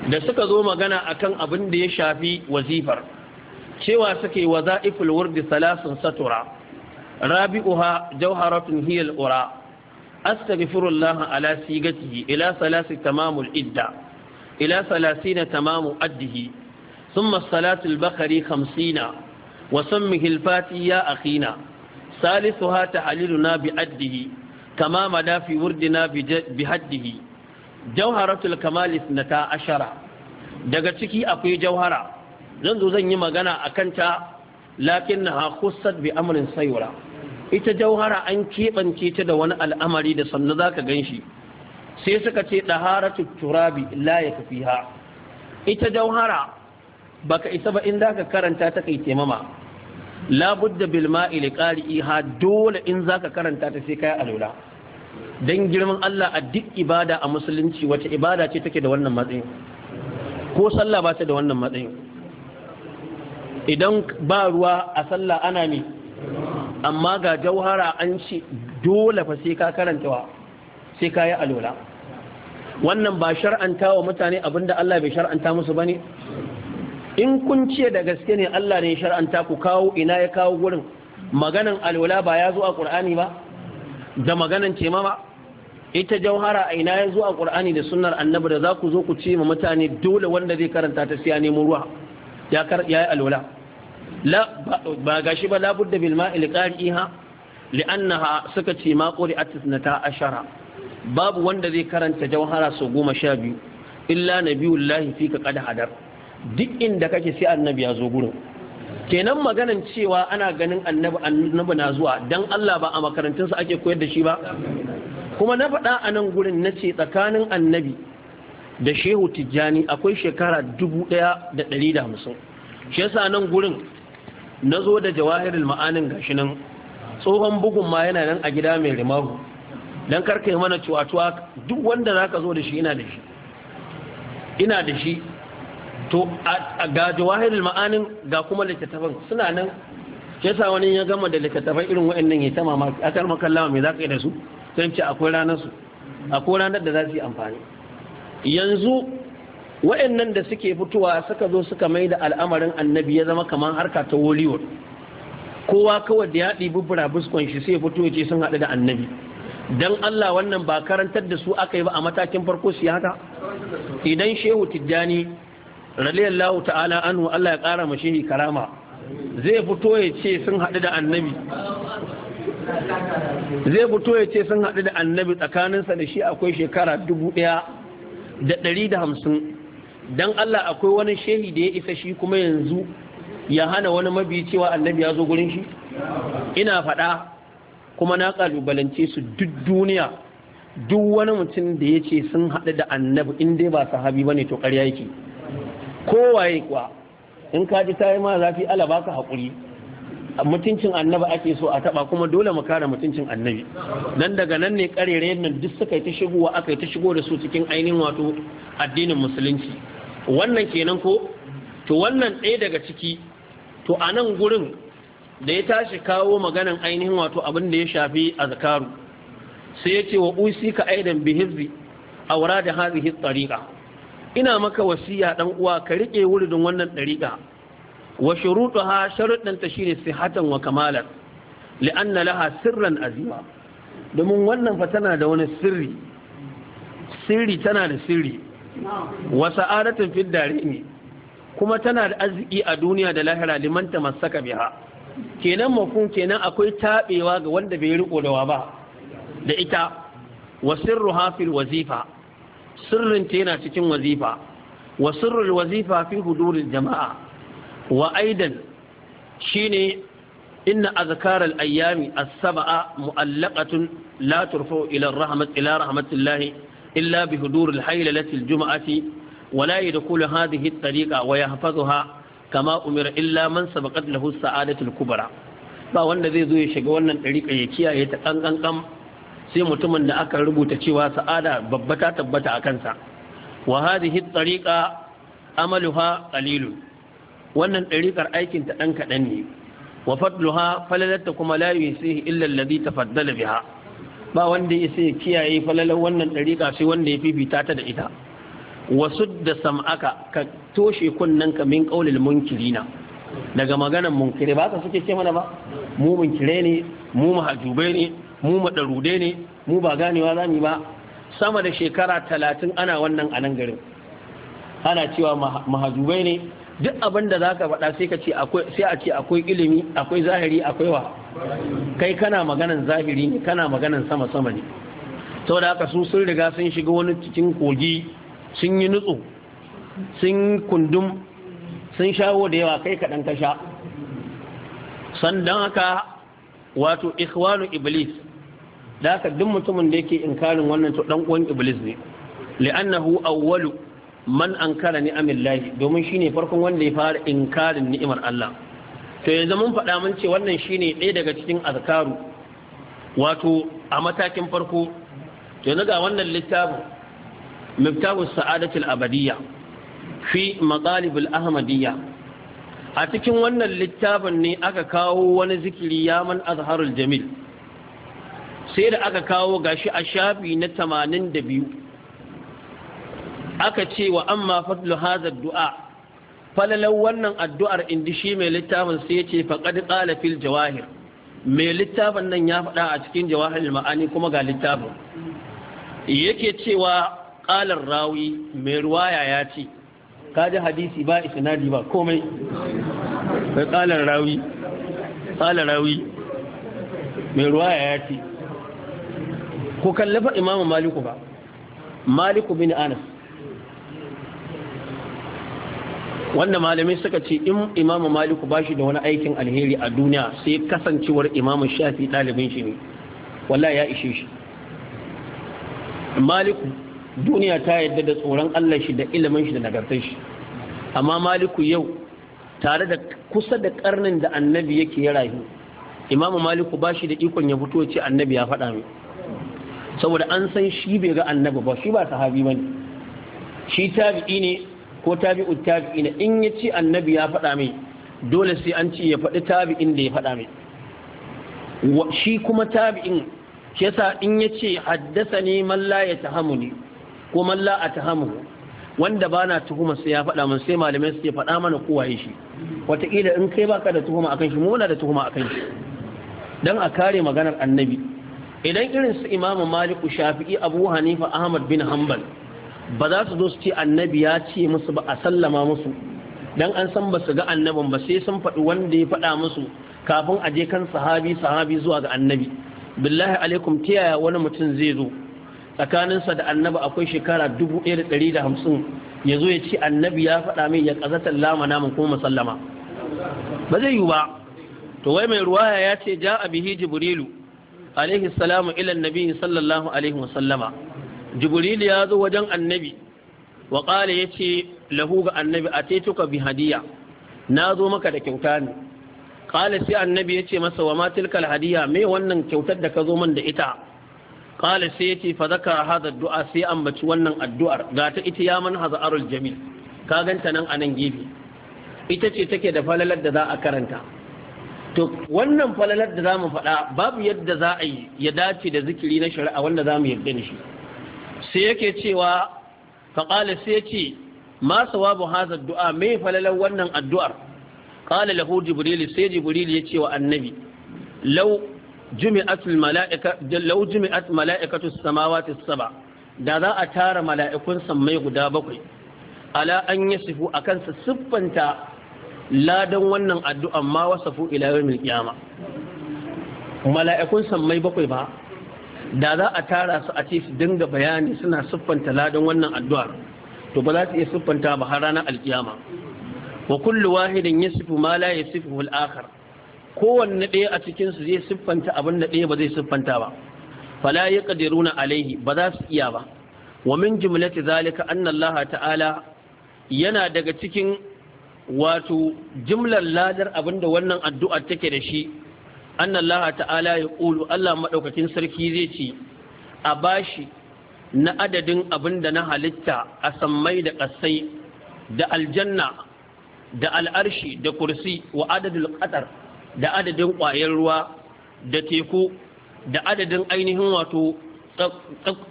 da suka zo magana akan abin da ya shafi wazifar cewa suke waza'iful wurdi salasun satura rabi'uha jawharatun hiyal ura astaghfirullah ala sigatihi ila salasi tamamul idda ila salasina tamamu addihi ثم الصلاة البقري خمسين وسمه الفاتي يا أخينا ثالثها تعليلنا بأده كما مدى في وردنا بهده جوهرة الكمال اثنتا عشرة daga ciki akwai jauhara zan zo zan yi magana a kanta lakin na hakusar bi amrin saura. ita jauhara an keɓance ta da wani al'amari da sannu za ka gan shi sai suka ce ɗahara turabi la ya fi ha ita jauhara ba ka isa ba in za ka karanta ta kai taimama da bilma ilikari iha dole in za ka karanta ta sai kai alola don girman Allah a duk ibada a musulunci wata ibada ce take da wannan matsayin ko sallah ba ta da wannan matsayin idan ba ruwa a sallah ana ne amma ga jauhara an ce dole fa sai ka karantawa sai ka yi alola wannan ba shar'anta wa mutane abinda Allah bai shar'anta musu bane in kun ce da gaske ne Allah ne shar'anta ku kawo ina ya kawo gurin maganan alola ba ya zo a Qur'ani ba da maganan ba? ita jauhara a ina ya zo a Qur'ani da sunnar annabi da za ku zo ku ce ma mutane dole wanda zai karanta ta sai ya nemo ruwa ya yi alola ba gashi ba labudda bil ma'il qari'iha li'annaha suka ce ma quri'at ta ashara babu wanda zai karanta jawhara su goma sha biyu illa nabiyullahi ka kada hadar duk inda kake sai annabi ya zo gurin kenan maganan cewa ana ganin annabi annabi na zuwa dan Allah ba a makarantun sa ake koyar da shi ba kuma na faɗa a nan gurin na ce tsakanin annabi da shehu tijjani akwai shekara dubu ɗaya da ɗari da hamsin shi yasa nan gurin na zo da jawahirin ma'anin gashi nan tsohon bugun ma yana nan a gida mai rimahu don karka yi mana cewa cuwa duk wanda za ka zo da shi ina da shi ina da shi to ga jawahirin ma'anin ga kuma littattafan suna nan ke sa wani ya gama da littattafan irin nan ya ta mamaki a kan kallawa mai za ka yi da su sun ce akwai ranar su akwai ranar da za su yi amfani yanzu wa'annan da suke fitowa suka zo suka mai da al'amarin annabi ya zama kamar harka ta hollywood kowa kawai da ya ɗibi burabuskon shi sai fito ce sun haɗu da annabi don allah wannan ba karantar da su aka yi ba a matakin farko su haka idan shehu tijjani radiyallahu ta'ala anhu allah ya ƙara ma shehi karama zai fito ya ce sun haɗu da annabi zai fito ya ce sun haɗu da annabi tsakaninsa da shi akwai shekara dubu ɗaya da ɗari da hamsin dan Allah akwai wani shehi da ya isa shi kuma yanzu ya hana wani mabi cewa annabi ya zo gurin shi ina faɗa kuma na kalubalance su duk duniya duk wani mutum da ya ce sun haɗu da annabi in dai ba sahabi ba ne to ƙarya yake kowaye kuwa in ka ji tayi ma zafi ala baka haƙuri mutuncin annabi ake so a taba kuma dole mu kare mutuncin annabi nan daga nan ne karere nan duk suka yi ta shigowa aka yi ta shigo da su cikin ainihin wato addinin musulunci wannan kenan ko to wannan ɗaya daga ciki to a nan gurin da ya tashi kawo maganan ainihin wato abin da ya shafi a Zakaru. sai ya ce wa ka aidan a aura da hazihi tsariƙa ina maka wasiya ɗan uwa ka riƙe wuridin wannan ɗariƙa wa shuruɗuha sharuɗanta shine sihatan wa Li'an li'anna laha sirran azima domin wannan fa tana da wani sirri sirri tana da sirri wa sa'adatun fid darimi kuma tana da arziki a duniya da lahira liman masaka biha kenan mafhum kenan akwai tabewa ga wanda bai riko da ba da ita wa sirruha fil wazifa sirrin ta yana cikin wazifa wa sirrul wazifa fi huduril jama'a wa aidan shine inna azkaral ayyami as-sab'a mu'allaqatun la turfa ila rahmat ila rahmatillahi إلا بحضور الحيلة الجمعة ولا يدخل هذه الطريقة ويحفظها كما أمر إلا من سبقت له السعادة الكبرى ba wanda zai zo ya shiga wannan ɗariƙa ya kiyaye ta ƙanƙanƙan sai mutumin da aka rubuta cewa sa'ada babba ta tabbata a kansa wa hadhihi ɗariƙa amaluha qalilun wannan ɗariƙar aikin ta ɗan kaɗan ne wa fadluha falalata kuma la yusihi illa alladhi tafaddala biha ba wanda ya sai kiyaye falalar wannan ɗariƙa sai wanda ya fifita ta da ita wasu da sam'aka ka toshe kunnen ka min ƙaulil na daga maganan munkiri ba ka suke ce mana ba mu munkire ne mu mahajubai ne mu madarude ne mu ba ganewa za mu ba sama da shekara talatin ana wannan a nan garin ana cewa mahajubai ne duk abin da za faɗa sai ka faɗa sai a ce akwai ilimi akwai zahiri akwai wa kai kana maganan zahiri ne kana maganan sama sama ne sau haka su sun riga sun shiga wani cikin kogi sun yi nutsu sun kundum sun shawo da yawa kai kaɗan ka sha sandan haka wato ikhwanu iblis da aka duk mutumin da yake inkarin wannan to dan uwan iblis ne li'annahu awwalu man ankara ni'amillahi domin shi ne farkon wanda ya fara inkarin ni'imar Allah to yanzu mun faɗa mun ce wannan shi ne ɗaya daga cikin azkaru wato a matakin farko to yanzu ga wannan littafin miftahu sa'adatul abadiyya fi maqalibul ahmadiyya a cikin wannan littafin ne aka kawo wani zikiri ya man azharul jamil sai da aka kawo gashi a shafi na 82 aka ce wa amma fadlu haza du'a falalau wannan addu'ar indi shi mai littafin sai yace faqad qala fil jawahir mai littafin nan ya faɗa a cikin jawahir ma'ani kuma ga littafin yake cewa ƙalar rawi mai ruwaya ya ce kaji hadisi ba isnadi ba komai mai qalar rawi qalar rawi mai ruwaya ya ce Ku kallafa imamu maliku ba maliku bin anas wanda malamai suka ce in imamu maliku ba shi da wani aikin alheri a duniya sai kasancewar imamu shafi ɗalibin shi ne walla ya ishe shi maliku duniya ta yadda da tsoron allah shi da ilimin shi da nagartar shi amma maliku yau tare da kusa da karnin da annabi yake ya rayu imamu maliku ba shi da ikon ya fito ce annabi ya faɗa mai saboda an san shi bai ga annabi ba shi ba sahabi ba ne shi tabi'i ne ko tabi'u tabi'ina in ya ci annabi ya faɗa mai dole sai an ce ya faɗi tabi'in da ya faɗa mai shi kuma tabi'in shi yasa in ya ce haddasa ne malla ya tahamu ne ko malla a tahamu wanda ba na tuhuma sai ya faɗa mun sai malamai suke faɗa mana ko waye shi wataƙila in kai baka da tuhuma akan shi muna da tuhuma akan shi dan a kare maganar annabi idan irin su imamu maliku shafi'i abu hanifa ahmad bin hanbal ba za su zo su ce annabi ya ce musu ba a sallama musu dan an san ba su ga annabin ba sai sun faɗi wanda ya faɗa musu kafin a je kan sahabi sahabi zuwa ga annabi billahi alaikum ta yaya wani mutum zai zo tsakaninsa da annabi akwai shekara dubu ɗaya da ɗari hamsin ya zo ya ce annabi ya faɗa min ya ƙazatar lama namun kuma musallama ba zai yi ba to wai mai ruwaya ya ce ja bihi jibrilu alaihi salamu ilan nabi sallallahu alaihi wasallama jibril ya zo wajen annabi wa ya ce, lahu ga annabi ataituka bi hadiya na zo maka da kyauta ne qala sai annabi yace masa wa ma tilkal hadiya me wannan kyautar da ka zo min da ita qala sai yace fa zakara hada du'a sai ambaci wannan addu'ar ga ta ita ya man hazarul jamil ka ganta nan anan gefe ita ce take da falalar da za a karanta to wannan falalar da za mu faɗa babu yadda za a yi ya dace da zikiri na shari'a wanda za mu yarda da shi sai yake cewa faƙalis sai ce ma sawabu hazar du'a mai falalar wannan addu'ar ƙala lahu jibril sai jibril ya ce wa annabi lau jumi'at mala'ikatu samawati saba da za a tara mala'ikun sammai guda bakwai ala an yi sifu a kansa siffanta ladan wannan addu'an ma wasafu ila yawmin qiyama mala'ikun sammai bakwai ba da za a tara su a ce su dinga bayani suna siffanta ladan wannan addu'ar to ba za su iya siffanta ba har ranar alkiyama wa kullu wahidin yasifu ma la yasifu al-akhar kowanne ɗaya a cikin su zai siffanta abin da ɗaya ba zai siffanta ba fala yaqdiruna alaihi ba za su iya ba wa min jumlati zalika anna Allah ta'ala yana daga cikin wato jimlar ladar abinda wannan addu'ar take da shi anna Allah ta'ala ya ƙulu Allah maɗaukakin sarki zai ce a bashi na adadin abin da na halitta a sammai da ƙasai da aljanna da al'arshi da kursi wa adadin ƙatar da adadin ƙwayar ruwa da teku da adadin ainihin wato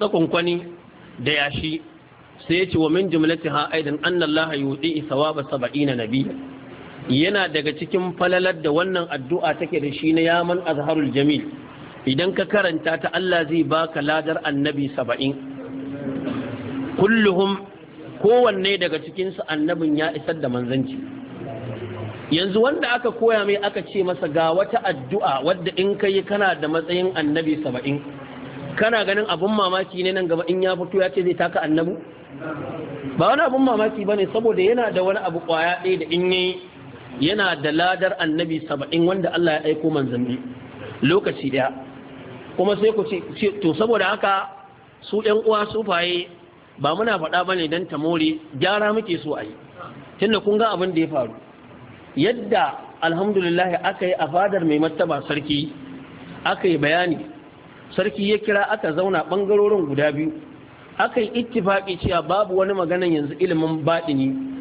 tsakunkwani da yashi sai ya ce wa min jimlatin ha aidan annallaha yudi sawaba saba'ina nabiyya yana daga cikin falalar da wannan addu'a take da shi na yaman azharul jamil idan ka karanta ta Allah zai baka ladar annabi saba'in kulluhum kowanne daga cikinsu annabin ya isar da manzanci yanzu wanda aka koya mai aka ce masa ga wata addu'a wadda in ka kana da matsayin annabi saba'in kana ganin abin mamaki ne nan gaba in ya fito ya ce zai taka annabu ba wani abin mamaki ba ne saboda yana da wani abu kwaya ɗaya da in yi yana da ladar annabi saba'in wanda Allah ya aiko manzanni lokaci daya kuma sai ku ce to saboda haka su ɗan uwa su sufaye ba muna faɗa ba ne don tamori gyara muke so a yi tunda kun ga abin da ya faru yadda alhamdulillah aka yi a fadar mai martaba sarki aka yi bayani sarki ya kira aka zauna bangarorin guda biyu aka yi ittifaƙi cewa babu wani maganan yanzu ilimin baɗini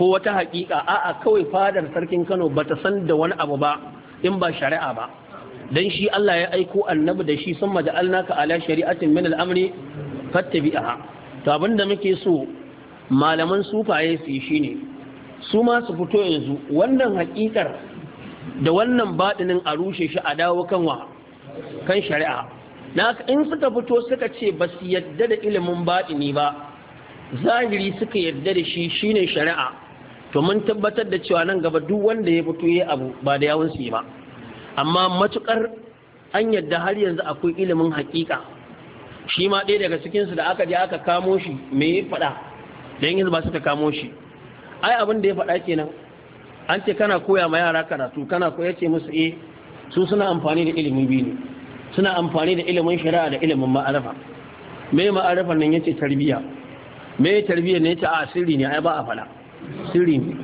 ko wata haƙiƙa a'a kawai fadar sarkin Kano ba ta san da wani abu ba in ba shari'a ba dan shi Allah ya aiko annabi da shi sun ka ala shari'atin min al-amri fattabi'aha to abinda muke so malaman sufaye su yi shine su ma su fito yanzu wannan haƙiƙar da wannan baɗinin a rushe shi a dawo kanwa kan shari'a na in suka fito suka ce ba su yadda da ilimin baɗini ba zahiri suka yadda da shi shine shari'a to mun tabbatar da cewa nan gaba duk wanda ya fito ya abu ba da yawun su ba amma matukar an yadda har yanzu akwai ilimin hakika shi ma ɗaya daga cikin su da aka je aka kamo shi me ya faɗa dan yanzu ba suka kamo shi ai abin da ya faɗa kenan an ce kana koya ma yara karatu kana koya ce musu eh su suna amfani da ilimin biyu ne suna amfani da ilimin shari'a da ilimin ma'arafa me ma'arafa nan yace tarbiyya me tarbiyya ne ta asiri ne ai ba a faɗa. sirri ne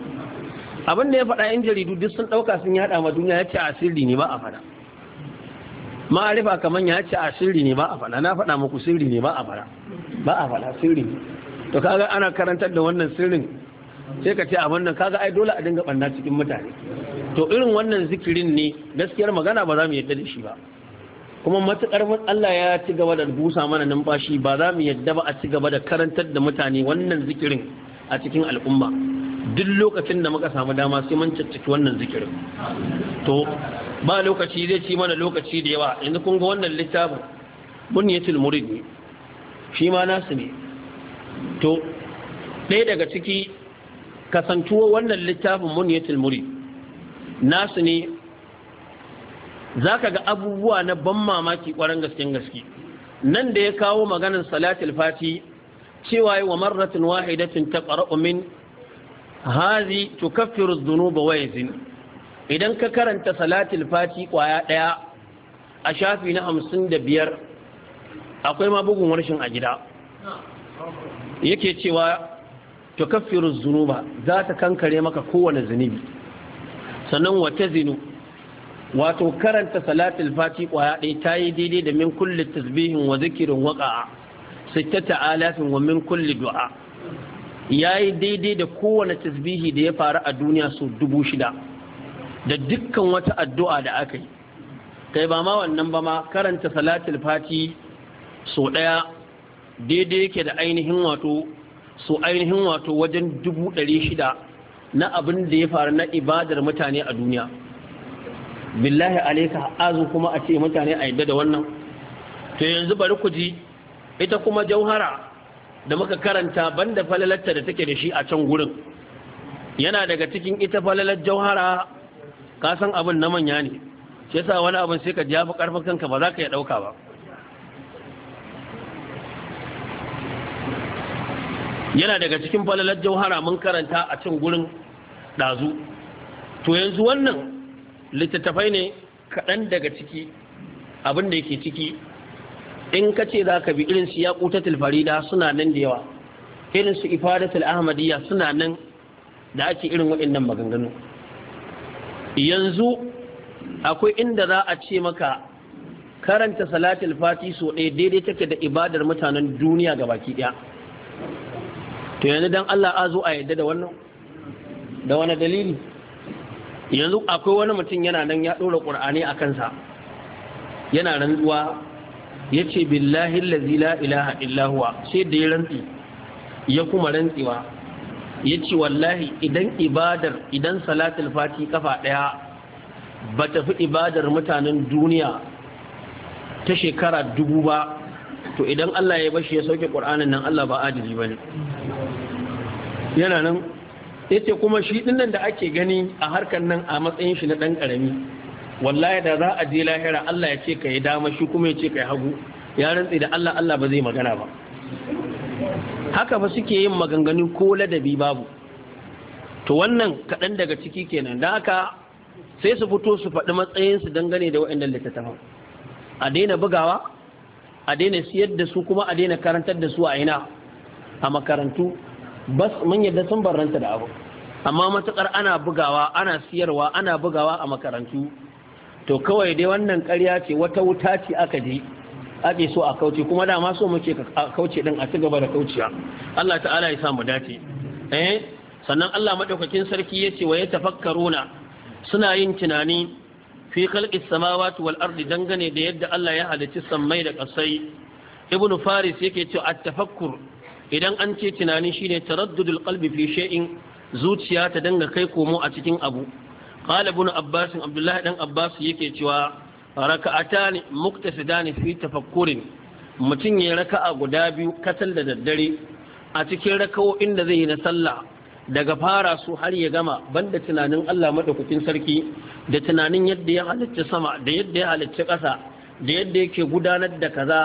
abin da ya faɗa yan jaridu duk sun ɗauka sun yaɗa ma duniya ya ce a sirri ne ba a faɗa ma'arifa kamar ya ce a sirri ne ba a faɗa na faɗa muku sirri ne ba a faɗa ba a faɗa sirri ne to kaga ana karantar da wannan sirrin sai ka ce abin nan kaga ai dole a dinga ɓanna cikin mutane to irin wannan zikirin ne gaskiyar magana ba za mu yadda da shi ba kuma matuƙar Allah ya ci gaba da busa mana numfashi ba za mu yadda ba a ci gaba da karantar da mutane wannan zikirin a cikin al'umma duk lokacin da muka samu dama sai mun cicciki wannan zikirin to ba lokaci zai ci mana lokaci da yawa yanzu kun ga wannan littafin mun bunyatul murid ne shi ma nasu ne to ɗaya daga ciki kasantuwa wannan littafin mun bunyatul murid nasu ne za ka ga abubuwa na ban mamaki ƙwarar gaske gaske nan da ya kawo maganin salatul fati cewa wa marratin wahidatin taqra'u min hazi tukaffiru dhunuba wa yazin idan ka karanta salatul fati ƙwaya ɗaya a shafi na biyar akwai ma bugun warshin a gida yake cewa tukaffiru zinuba za ta kankare maka kowane zunubi sannan wata tazinu wato karanta salatul fati kwaya ta yi daidai da min kulle tasbihin wa zikirin waƙa'a. sitata alafin wa min kulli du'a yayi daidai da kowane tasbihi da ya faru a duniya su dubu shida da dukkan wata addu'a da aka yi kai ba ma wannan ba ma karanta salatul fati so daya daidai yake da ainihin wato so ainihin wato wajen dubu ɗari shida na abin da ya faru na ibadar mutane a duniya billahi alaika azu kuma a ce mutane a yadda da wannan to yanzu bari ku ji ita kuma jauhara da muka karanta banda falalarta da take da shi a can gurin yana daga cikin ita falalar jauhara ka san abin na manya ne shi yasa wani abin sai ka ji yafi karfin kanka ba za ka ya dauka ba yana daga cikin falalar jauhara mun karanta a cin gurin dazu to yanzu wannan littattafai ne kaɗan daga ciki abin da yake ciki in ka ce za ka bi irin su yaƙuta tilfarida suna nan da yawa irin su ifada ahmadiyya suna nan da ake irin waɗannan maganganu yanzu akwai inda za a ce maka karanta salatul fati so ɗaya daidai take da ibadar mutanen duniya ga baki ɗaya to yanzu dan Allah a zo a yadda da wannan da wani dalili yanzu akwai wani mutum yana nan ya ɗora ƙur'ani a kansa yana rantsuwa yace billahi allazi la ilaha illahuwa sai da ya rantsi ya kuma rantsewa ce wallahi idan ibadar idan salatul fati kafa ɗaya ba ta fi ibadar mutanen duniya ta shekara dubu ba to idan Allah ya bashi ya sauke ƙur'anin nan Allah ba adili ba ne yana nan ya ce kuma shi ɗinnan da ake gani a harkar nan a matsayin shi na ɗan ƙarami wallahi da za a je lahira Allah ya ce ka yi dama shi kuma ya ce ka yi hagu ya rantsi da Allah Allah ba zai magana ba haka ba suke yin maganganu ko ladabi babu to wannan kaɗan daga ciki kenan da haka sai su fito su faɗi matsayinsu dangane da waɗanda littattafan a daina bugawa a daina siyar da su kuma a daina karantar da su a ina a makarantu bas mun yadda sun barranta da abu amma matukar ana bugawa ana siyarwa ana bugawa a makarantu to kawai dai wannan karya ce wata wuta ce aka ji ake so a kauce kuma da ma so muke a kauce din a ci gaba da kauciya Allah ta'ala ya samu dace eh sannan Allah madaukakin sarki yace wa yatafakkaruna suna yin tunani fi khalqis samawati wal ardi dangane da yadda Allah ya halicci sammai da kasai Ibnu faris yake cewa at-tafakkur idan an ce tunani shine taraddudul qalbi fi shay'in zuciya ta danga kai komo a cikin abu ابن عباس abbas abdullahi dan abbas yake cewa raka'atani muktasidani fi tafakkurin mutum ya raka'a guda biyu katal da daddare a cikin raka'o'in da zai yi na sallah daga fara su har ya gama banda tunanin Allah madaukakin sarki da tunanin yadda ya halicci sama da yadda ya halicci ƙasa da yadda yake gudanar da kaza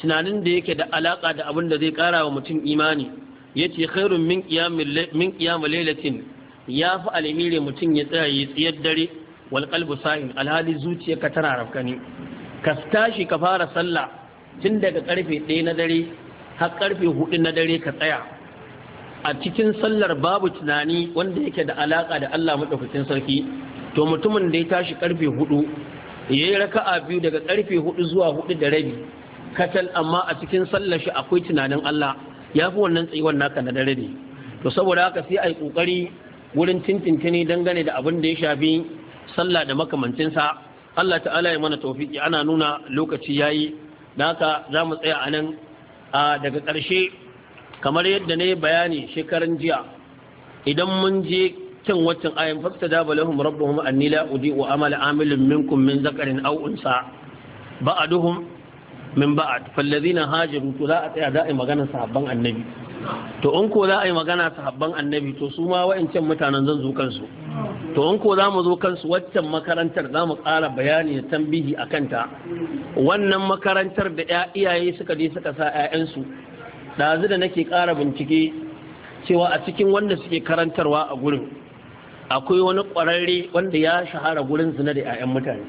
tunanin da yake da alaka da abin da zai ƙara wa mutum imani yace khairun min qiyamil min qiyamil lailatin ya fi alimire mutum ya tsaya ya tsayar dare wal kalbu sa'in alhali ka tana rafkani ka tashi ka fara sallah tun daga karfe ɗaya na dare har karfe 4 na dare ka tsaya a cikin sallar babu tunani wanda yake da alaka da Allah madaukakin sarki to mutumin da ya tashi karfe 4 yayi raka'a biyu daga karfe 4 zuwa huɗu da rabi katal amma a cikin sallar shi akwai tunanin Allah ya fi wannan tsayuwar naka na dare ne to saboda haka sai ai yi wurin tintintini dangane da abin da ya shafi sallah da makamancinsa Allah ta'ala ya mana tofiki ana nuna lokaci yayi da haka za mu tsaya a nan daga ƙarshe kamar yadda na yi bayani shekaran jiya idan mun je kyan waccan ayin fasta da balahum rabbuhum annila udi wa amala amilin minkum min zakarin au'unsa, unsa ba'aduhum min ba'ad fallazina hajaru to za a tsaya za a yi magana sahabban annabi to in ko za a yi magana sahabban annabi to su ma wa'ancan mutanen zan zo kansu to in ko za mu zo kansu waccan makarantar za mu ƙara bayani da tambihi a kanta wannan makarantar da iyaye suka je suka sa 'ya'yansu ɗazu da nake ƙara bincike cewa a cikin wanda suke karantarwa a gurin akwai wani ƙwararre wanda ya shahara gurin zina da 'ya'yan mutane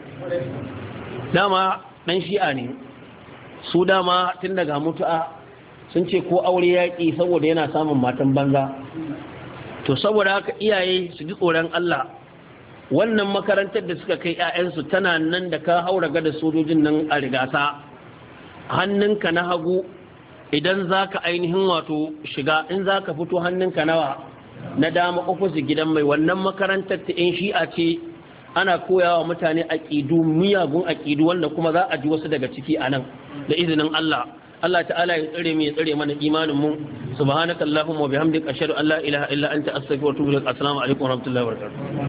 dama ɗan shi'a ne su dama tun daga mutu'a sun ce ko aure ƙi saboda yana samun matan banza to saboda haka iyaye su ji tsoron Allah wannan makarantar da suka kai 'ya'yansu tana nan da ka haura da sojojin nan a rigasa hannunka na hagu idan za ka ainihin wato shiga in za ka fito hannunka nawa na dama ofis gidan mai wannan makarantar ta 'yan shi'a ce ana koya wa mutane aƙidu miyagun aƙidu wanda kuma za a ji wasu daga ciki a nan da izinin Allah Allah ta'ala ya tsare mu ya tsare mana imanin mu subhanakallahumma wa bihamdika ashhadu an la ilaha illa anta astaghfiruka wa atubu ilaik assalamu alaikum wa rahmatullahi wa barakatuh